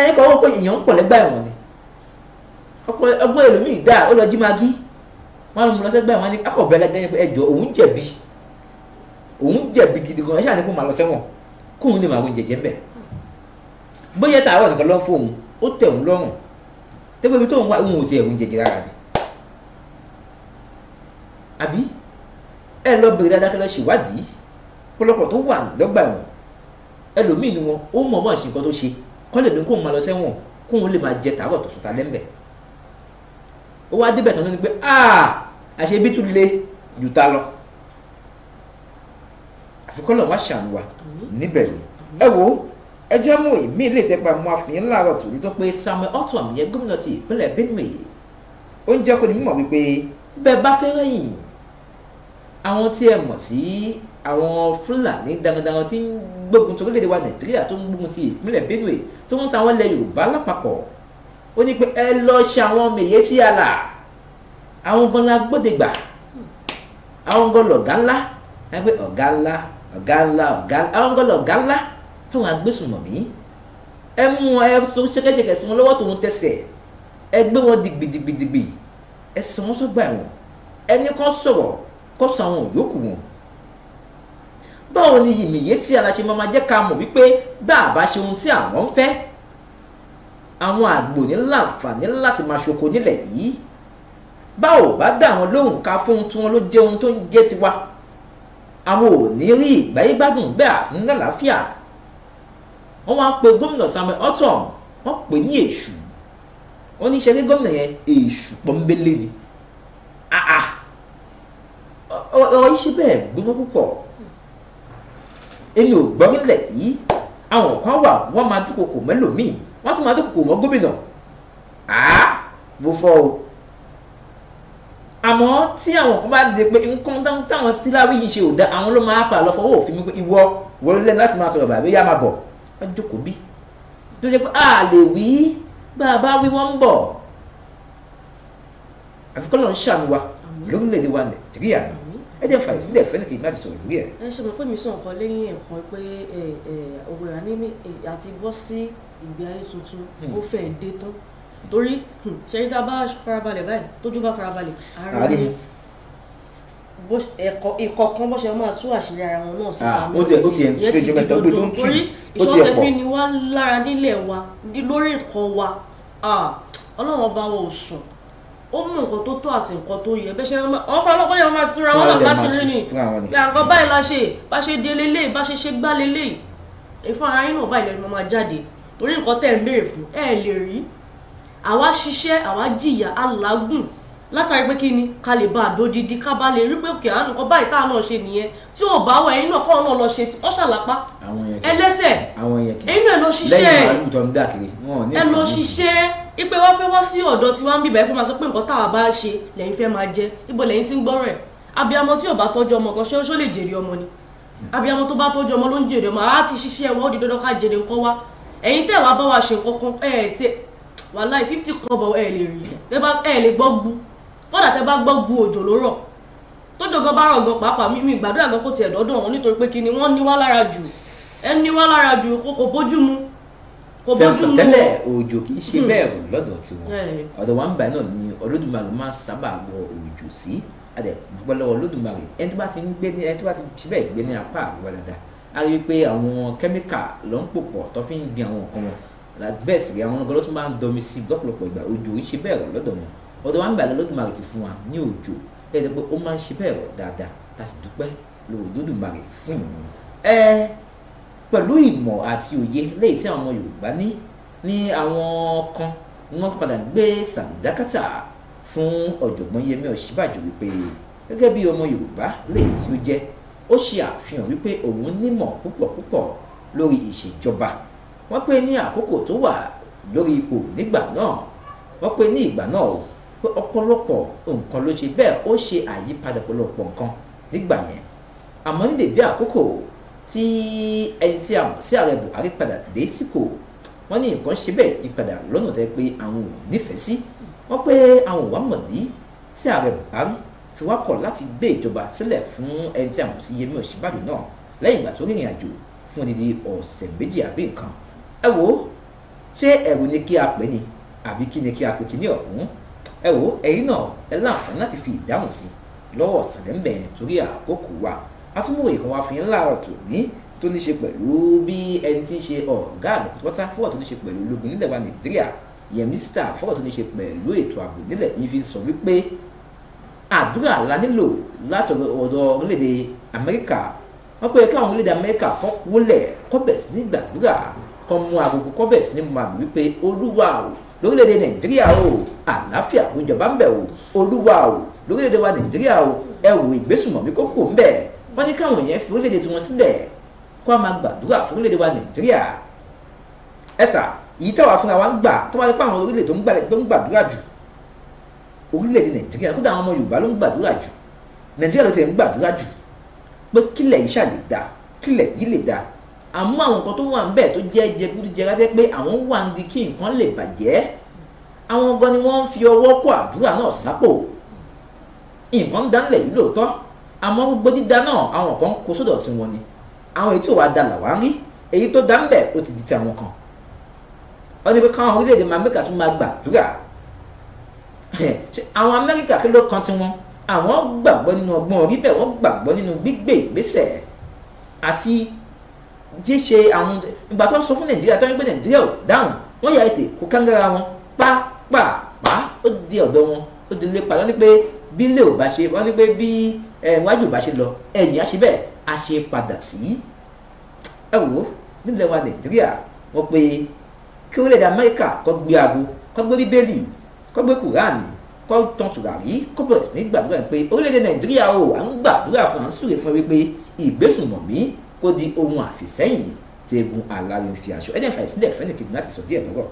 ẹni kan wọ́n pé èèyàn ń pọ̀ lẹ́gbà ẹ̀wọ̀n ni ọgbọ́n ẹlòmíì dá ó lọ jí magi wọ́n mú lọ sẹ́gbà ẹ̀wọ̀n ni akọ̀bẹ̀ lẹ́gbẹ̀ẹ́ pé ẹjọ́ òun jẹ̀bi òun jẹ̀bi gidi gan ẹ̀ ṣáà ní kó máa lọ sẹ́wọ̀n kóun lè máa wọ jẹjẹ ń bẹ̀ bóyá tààrọ̀ nìkan lọ́ fóun ó tẹ̀ òun lọ́rùn tẹ́gbẹ́ ibi tó ń wá òun ò tiẹ̀ òun jẹjẹ rárá ni àbí ẹ lọ bèrè dáadáa kí lọ ṣèwádìí pọ̀lọpọ̀ tó wà lọ́gbà ẹ̀wọ̀n ẹlòmíì ni wọn ó mọ̀ mọ̀ ṣe nǹkan tó ṣe kọ́lẹ̀ ní kóun máa lọ sẹ́wọ̀n kóun lè máa jẹ tààrọ̀ tó sùn ta lẹ́m̀bẹ̀ ó wá débẹ̀ tán ní pé àṣẹ bí tún lé jù ta lọ àfikún lọ́ọ̀ má ṣàlùwà níbẹ̀ ni ẹ wo ẹjẹ́ mú ìmí ilé ìtẹ́pá mú àfihàn láàárọ̀ tó rí tó pé Samuel Ortom yẹ gómìnà ti ìpínlẹ̀ Benue ó ń jẹ́ kó ní mímọ̀ wípé bẹ́ẹ̀ bá fẹ́ rẹ̀yìn àwọn tí ẹ mọ̀ sí àwọn Fúlàní darandaran tí ń gbógun tó lédè wa Nàìjíríà tó ń gbógun ti ìpínlẹ̀ Benue tí wọ́n ń ta àwọn ilẹ̀ Yorùbá lápapọ̀ ó ní pé ẹ lọ ṣe àwọn mèye tí a là àwọn gan la gbódegbà àwọn gan lọ̀gá ńlá ẹgbẹ́ ọ̀gá ńlá ọ̀gá ńlá ọ̀gá àwọn gan lọ̀gá ńlá táwọn agbésùnmọ̀mí ẹ mú wọn ẹ so ṣẹkẹṣẹkẹ sí wọn lọ́wọ́ tòun tẹsẹ̀ ẹ gbé wọn dìgbìdìgbìdìgbì ẹ sọ wọn sọgbà ẹ̀wọ̀n ẹni kan sọ̀rọ̀ kó sọ àwọn òyòkù wọn báwo ni yìnyín tí aláṣẹ máa ma jẹ́ ká mọ̀ wípé bá a bá ṣe ohun tí àwọn ń fẹ́ àwọn àgbò ní láǹfààní láti máa ṣoko nílẹ̀ yìí bá ò bá dá àwọn lóhùn ká fún ohun tí wọn ló jẹ́ ohun tó ń jẹ́ tiwa àwọn ò ní rí ìgbáyégbádùn bẹ́ẹ̀ àfin lálàáfíà wọ́n wá pe gómìnà Samuel Ortom wọ́n pè ní èṣù wọ́n ní sẹ́lẹ̀ gómìnà yẹn èṣù pọ́nbélé ni ah, ah. ọ̀rọ̀ yìí ṣe bẹ́ẹ̀ gbóná púpọ̀ èmi ò gbọ́ nílẹ̀ yìí àwọn kan wà wọ́n máa dúnkokò mẹ́lòmíì wọ́n tún máa dúnkokò mọ́ gómìnà ah, mo fọ́ o àmọ́ tí àwọn kan bá dé pé nǹkan táwọn tíláwí yìí ṣe ò da àwọn ló máa pa àlọ́ fọwọ́ òfin mi pé ìwọ wọlé láti máa sọ̀rọ̀ bàbá yá máa bọ̀ á jókòó bí tó jẹ́ pé a lè wí bá a bá wí wọ́n ń bọ̀ àfikún lọ́n ṣàánú wa lórílẹ̀‐èdè wa nàìjíríà ẹ jẹ́ fàyè sílẹ̀ fẹ́lẹ̀ kì í má ti sọ̀rọ̀ lórí ẹ̀. ẹ ṣe mọ̀ pé mi sọ nǹkan lẹ́yìn ẹ̀kan pé òwúrọ̀ ní àti bọ́ sí ìgbé ayé tuntun hmm. ó fẹ́ẹ̀ dé tán torí hmm, ṣẹ́yìn tá a bá farabalẹ̀ báyìí tójú bá farabalẹ̀ àárín ìkọ̀kan bó ṣe máa tú àṣírí ara wọn náà sí ah, àmì ó ti ẹ̀ ń tú ẹjọ́ mẹ́ta ó gbé tó ń tú ó ti ẹ̀ pọ̀ ìṣọ́tẹ̀fín ni wá lára nílẹ̀ wa lórí nǹkan wa ah, ọlọ́run ọba wọn ò sùn ó mú nǹkan tó tó àti nǹkan tó yẹ bẹ́ẹ̀ ṣe wọ́n fọ́ ọlọ́pàá yẹn wọ́n máa túra wọn lọ́sí láṣìírí ni bí àǹkan báyìí la ṣe bá ṣe di eléyìí bá ṣe ṣe gbá leléyìí ìfún ara yín náà báyìí lẹ́nu máa jáde torí nǹkan tẹ̀ ń béèrè fún ẹ̀ lè rí àwa ṣiṣẹ́ àwa jìyà alágùn látàrí pé kí ni ká lè bá àdó dídí ká bá lè rí pé òkè àánú kan báyìí táà náà ṣe nìyẹn tí ò bá wọ ẹyin náà kọ́ náà lọ ṣe tí wọ́n ṣàlápá ẹlẹ́sẹ̀ ẹyin náà lọ ṣiṣẹ́ ẹ lọ ṣiṣẹ́ ipe wá fẹ́ wá sí ọ̀dọ̀ tí wọ́n ń bíbẹ̀ fún ma sọ pé nǹkan táwa bá ṣe lẹ́yìn fẹ́ máa jẹ ibo lẹ́yìn tí ń gbọ́rọ̀ ẹ̀ abiyamọ tí ò bá tọ́jú ọmọ kan ṣé ó lè jèrè ọmọ ni abiyamọ tó bá tọ́jú ọmọ ló ń jèrè ọmọ àá ti ṣiṣẹ́ wọ́n ó dandan ká jèrè nǹkan wá ẹ̀yin tẹ̀ wá bá wa ṣe nǹkan kan ẹ̀ ẹ̀ tẹ̀ wàláì fifty kọ́bọ̀ ẹ̀ lè rí ẹ̀ lè gbọ́ gbu kódà tẹ bá gbọ́ gbu òjò ló rọ̀ tó jogan bá rọ̀ gan pàápàá mímú ìgbàdúrà gan kò tiẹ̀ dọ́dọ̀ wọn nítorí pé kíni wọ́n níwá lára jù ẹ níwá lára jù kò bójú mu kò bójú mu. tẹ́lẹ̀ òjò kì í ṣe hmm. bẹ́ẹ̀ rò lọ́dọ̀ tiwọn ọ̀dọ̀ wa ń náà ni Olódùmarè máa ń sábà wọ òjò sí adẹ dúpẹ́ lọ́wọ́ Olódùmarè ẹni tó bá ti ń gbé ní ẹni tó bá ti ṣe bẹ́ẹ̀ gbé ní apá àríwá dáadáa a rí i pé àwọn kẹ́míkà ló ń pò tó fi ń gbin àwọn nǹkan wọn bẹ́ẹ̀ sì rí àwọn ọgọ́ ló tún máa ń dọmi sí lọ́pọ̀lọpọ̀ ìgbà òjò ń ṣe bẹ́ẹ̀ rọ̀ lọ́dọ̀ wọn ọ̀dọ̀ wa ń gbà lọ́dúnmarè ti fún wa ní òjò ẹ jẹ́ pé ó máa ń ṣe bẹ́ẹ̀ rọ̀ dáadáa ta sì dúpẹ́ lòdùdùmarè fún ìrìn ẹ pẹ̀lú ìmọ̀ àti òye léyìí tí àwọn ọmọ Yorùbá ní ní àwọn kan wọ́n padà gbé sàǹdákátà fún ọ̀jọ̀gbọ́n Yẹmí Ọ̀ṣínbàjò wípé gẹ́gẹ́ bí ọmọ Yorùbá léyìí tí ó jẹ́ ó ṣe àfihàn wípé òun nímọ̀ púpọ̀ púpọ̀ lórí ìṣèjọba wọ́n pé ní àkókò tó wà lórí ipò nígbà náà wọ́n pé ní ìgbà náà pé ọ̀pọ̀lọpọ̀ nǹkan ló ṣe bẹ́ẹ̀ ó ṣe àyípadà ọ̀pọ̀lọpọ̀ nǹkan nígbà yẹn àmọ́ ní dèbí àkókò tí ẹni tí a mọ̀ sí ààrẹ Buhari padà dé sípò wọ́n ní nǹkan ṣe bẹ́ẹ̀ yípadà lọ́nà tẹ́ pé àwọn ò nífẹ̀ẹ́ sí wọ́n pé àwọn ò wá mọ̀ ní tí ààrẹ Buhari ti wá kọ̀ láti gbé ìjọba sílẹ̀ fún ẹni tí a mọ̀ sí Yẹmí Ọ̀ṣínbàjò náà lẹ́yìn ìgbà tó rìnrìn àjò fún odidi ọ̀sẹ̀ méjì àbí nǹkan ẹ wo ṣé ẹ̀rù ni kí a pè ní àbí kí ni kí a pè kí ní ọ̀hún ẹ wò ẹ̀yin náà ẹ láǹfààní láti fi ìdáhùn sí lọ́wọ́ ọ̀sàlẹ̀ ń bẹ̀rẹ̀ torí àkókò wa atúmọ̀ ìkan wa fi ń láàárọ̀ tò ní tó ní ṣe pẹ̀lú bí ẹni tí ń ṣe ọ̀gá àgbẹ̀ pátá fọ́ọ̀ tó ní ṣe pẹ̀lú ológun nílẹ̀ wa nàìjíríà yẹmísítà fọ́ọ̀ tó ní ṣe pẹ̀lú ètò ààbò nílẹ̀ yìí fi sọ wípé àdúrà la nílò látọ̀dọ̀ orílẹ̀-èdè amẹ́ríkà wọ́n pé káwọn orílẹ̀-èdè amẹ́ríkà kọ́ wọlé kọ́bẹ̀ sí ní gbàdúrà kọ́ mú agogo kọ́bẹ̀ sí ní mú àmì wípé olúwa ò lórílẹ̀‐èdè nàìjíríà o àlàáfíà kó jọba ń bẹ̀ o olúwa o lórílẹ̀‐èdè wa nàìjíríà o ẹ wò ìgbésùmọ̀mí kó kò ń bẹ̀ wọ́n ní káwọn yẹn fi orílẹ̀‐èdè tiwọn sílẹ̀ kó a máa gbàdúrà fún orílẹ̀‐èdè wa nàìjíríà ẹ̀sà èyí táwa fúnra wa ń gbà tó wá nípa àwọn orílẹ̀ tó ń gbàdúrà jù orílẹ̀‐èdè nàìjíríà kó dáwọn ọmọ yorùbá ló ń gbàdúrà jù nàìjíríà ló ti ń gbàdúrà jù pé kílẹ̀ yìí ṣàlè dáa kílẹ̀ yìí lè dáa àmọ́ àwọn nǹkan tó wà níbẹ̀ tó jẹ́ jẹgúdújẹrá tẹ́ pé àwọn wà ń di kí nǹkan lè bàjẹ́ àwọn gan ni wọ́n ń fi ọwọ́ kó àdúrà náà sápò nǹkan dánilẹ̀ yìí lóòótọ́ àmọ́ gbogbo dídá náà àwọn kan kó sódò tí wọ́n ni àwọn èyí tí ò wá da làwa rí èyí tó dá ń bẹ̀ ó ti di ti àwọn kan wọ́n ní pé káwọn orílẹ̀-èdè amẹ́ríkà tún máa gbàdúrà àwọn amẹ́ríkà kí ló kan tiwọn àwọn gbàgbọ́ nínú ọgbọ́n orí bẹ́ẹ̀ wọ́n gbàgbọ́ nínú gbígbé ìgbésẹ̀ àti tí í ṣe àwọn ìgbà tó ń sọ fún nàìjíríà tó ń gbé nàìjíríà ò dáhùn wọ́n yà ètè kó kángára wọn pápápá ó di ọ̀dọ̀ wọn ó di lépa lọ́ní pé bí ilé ò bá ṣe wọ́n ní pé bí iwájú ò bá ṣe lọ ẹ̀yìn á ṣe bẹ́ẹ̀ á ṣe padà sí ẹ wò ó nílẹ̀ wa nàìjíríà wọ́n pe kí orílẹ̀-èdè amẹ́ríkà kọ́ gbé aago kọ́ gbé bíbélì kọ́ gbé kùránì kọ́ tán tùràrí kọ́ bẹ̀rẹ̀ sí ní gbàdúrà pé orílẹ̀-èdè nàìjíríà o à ń gbàdúrà fún à ń súre fún wípé ìgbésùnmọ̀mí kó di ohun àfìsẹ́yìn tegun aláyọ̀ fi aṣọ ẹni ẹ̀fà ìsílẹ̀ fẹ́ni kejì láti sọ díẹ̀ lọ́rọ̀.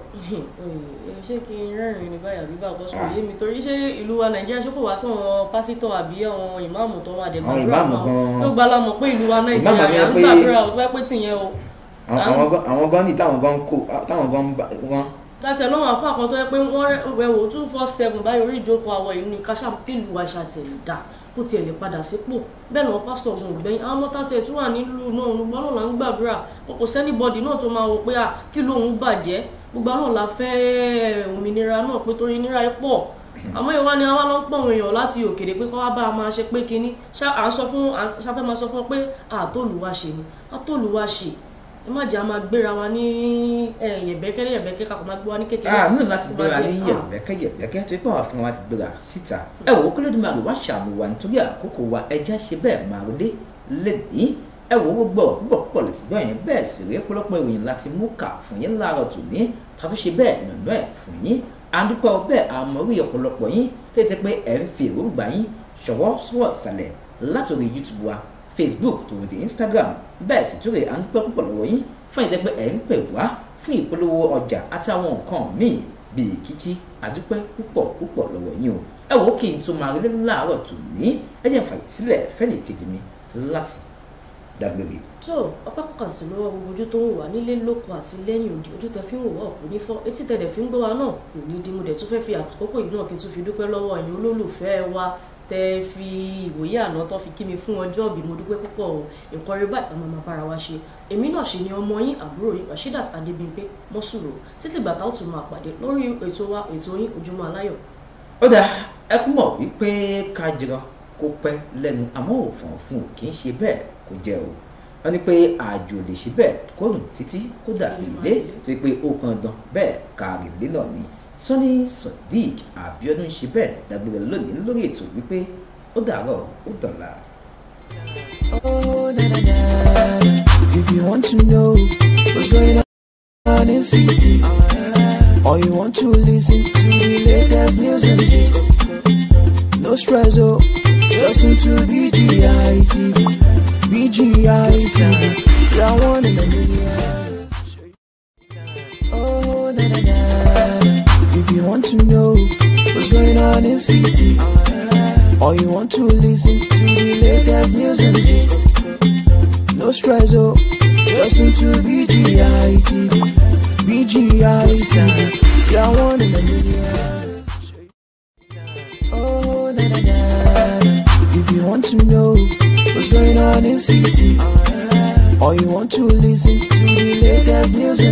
ṣé kí n rẹ́rìn-ín ní báyìí àbí báwo sọ ah. yé mi torí ṣé ìlú wa nàìjíríà ṣé kò wá sí àwọn pásítọ̀ àbí àwọn ìmáàmù tó wà dẹ̀gbọ́n ìmáàmù gan-an ló gba pé ìlú wa nàìjíríà ń gbàdúrà ó pé tìyẹn o. àwọn gan ni táwọn gan kó táwọn gan wọn. láti ẹ̀lọ́wọ́ àfọ àkọ́tọ́ ẹ pé wọ́n rẹ̀ wò two báyìí orí ìjókòó àwọ̀ ìlú ni káṣá kí ìlú wa ṣàtẹ̀lẹ̀ dáa kó tiẹ̀ lè padà sípò bẹ́ẹ̀ náà pásítọ̀ ọ̀gbọ̀n ògbẹ́yìn àwọn ọmọ tí ẹ̀tún wà nílùú náà olùgbọ́n náà là ń gbàdúrà kò sẹ́nìbọ̀dì náà tó máa wọ pé à kí lóun bàjẹ́ gbogbo náà la fẹ́ eh, òmìnira náà pé torí nira ẹ pọ̀ àmọ́ ìwà ni àwa ló ń pọ̀ àwọn èèyàn láti òkèèrè pé kọ́ wá bá a máa ṣe pé kinní ṣáfẹ́ máa sọ fún pé àtòlùwàṣe ni àtòlùwàṣe ẹ má jẹ́ a máa gbéra wa ní yẹ̀bẹ́kẹ́ yẹ̀bẹ́kẹ́ kakọ̀ máa gbé wa ní kékeré. Ah, a nílò láti gbéra ní ah. yẹ̀bẹ́kẹ́ yẹ̀bẹ́kẹ́ tó yẹ pé àwọn afúnra wa ti gbéra síta ẹ wò ó kí ló dé máa lò wá ṣàmù wa nítorí àkókò wa ẹja ṣe bẹ́ẹ̀ máa rọlé lẹ́dí ẹ wò ó gbọ́ púpọ̀ púpọ̀ lè ti gbọ́ yẹn bẹ́ẹ̀ sì rí ọ̀pọ̀lọpọ̀ ìròyìn láti mú kà fún yín láàárọ̀ tòní ká ṣe bẹ́ẹ̀ nànú facebook tòun ti instagram bẹ́ẹ̀ sì túre à ń pẹ́ púpọ̀ lọ́wọ́ yín fún ìdẹ́gbẹ́ ẹ̀ ń pè wá fún ìpolówó ọjà àtàwọn nǹkan míì bíi kíkí àdúpẹ́ púpọ̀ púpọ̀ lọ́wọ́ yín o ẹ wò ó kí n tó máa rí láàárọ̀ tò ní ẹ jẹ́ fàyè sílẹ̀ fẹ́ẹ̀lì kejì mi láti dágbére. tó ọpẹ́ kọ̀ọ̀kan sí lọ́wọ́ gbogbo ojú tó ń wà nílé lóko àti lẹ́yìn òdì ojú tẹ fi ń wò wá òkú etí tẹ̀lẹ̀ fi ń gbọ́ wa náà kò ní dimu dẹ̀ tún fẹ́ fi àkókò yìí náà kí n tún fi dúpẹ́ lọ́wọ́ ẹ̀yin olólùfẹ́ wa tẹ fi ìwòye àná tó fi kí mi fún ọjọ́ ìbí mo dúpẹ́ púpọ̀ o nǹkan rí báyìí àmọ́ máa bára wa ṣe èmi náà ṣì ni ọmọ yín àbúrò yín Rasheedat Adébímpé mọ́sùrò títí gbà táwọn tún máa pàdé lórí ètò wa ètò yín ojúmọ́ aláyọ̀. ó dáa ẹ kún mọ̀ wípé ká jìrọ kó pẹ́ lẹ́nu àmọ́ òfin òfin ò kì í ṣe bẹ́ẹ̀ kó jẹ́ o wọ́n ní pé àjò lè ṣe bẹ́ẹ̀ kó rùn títí kó dàbí ilé tó pé ó kan dán Sunday Sodiq Abiodun ṣe bẹ́ẹ̀ dágbére lónìí lórí ètò wípé ó dàárọ̀ ó dọ̀la. If you want to know what's going on in city, or you want to listen to the latest news and gist, no stress, oh, just tune to BGI TV, BGI TV, you're one in a million. Oh, na na na. want to know what's going on in city. Or you want to listen to the latest news and gist. No stress, oh, just tune to BGI TV. BGI TV. you one in a million. Oh, na na na. If you want to know what's going on in city. Or you want to listen to the latest news and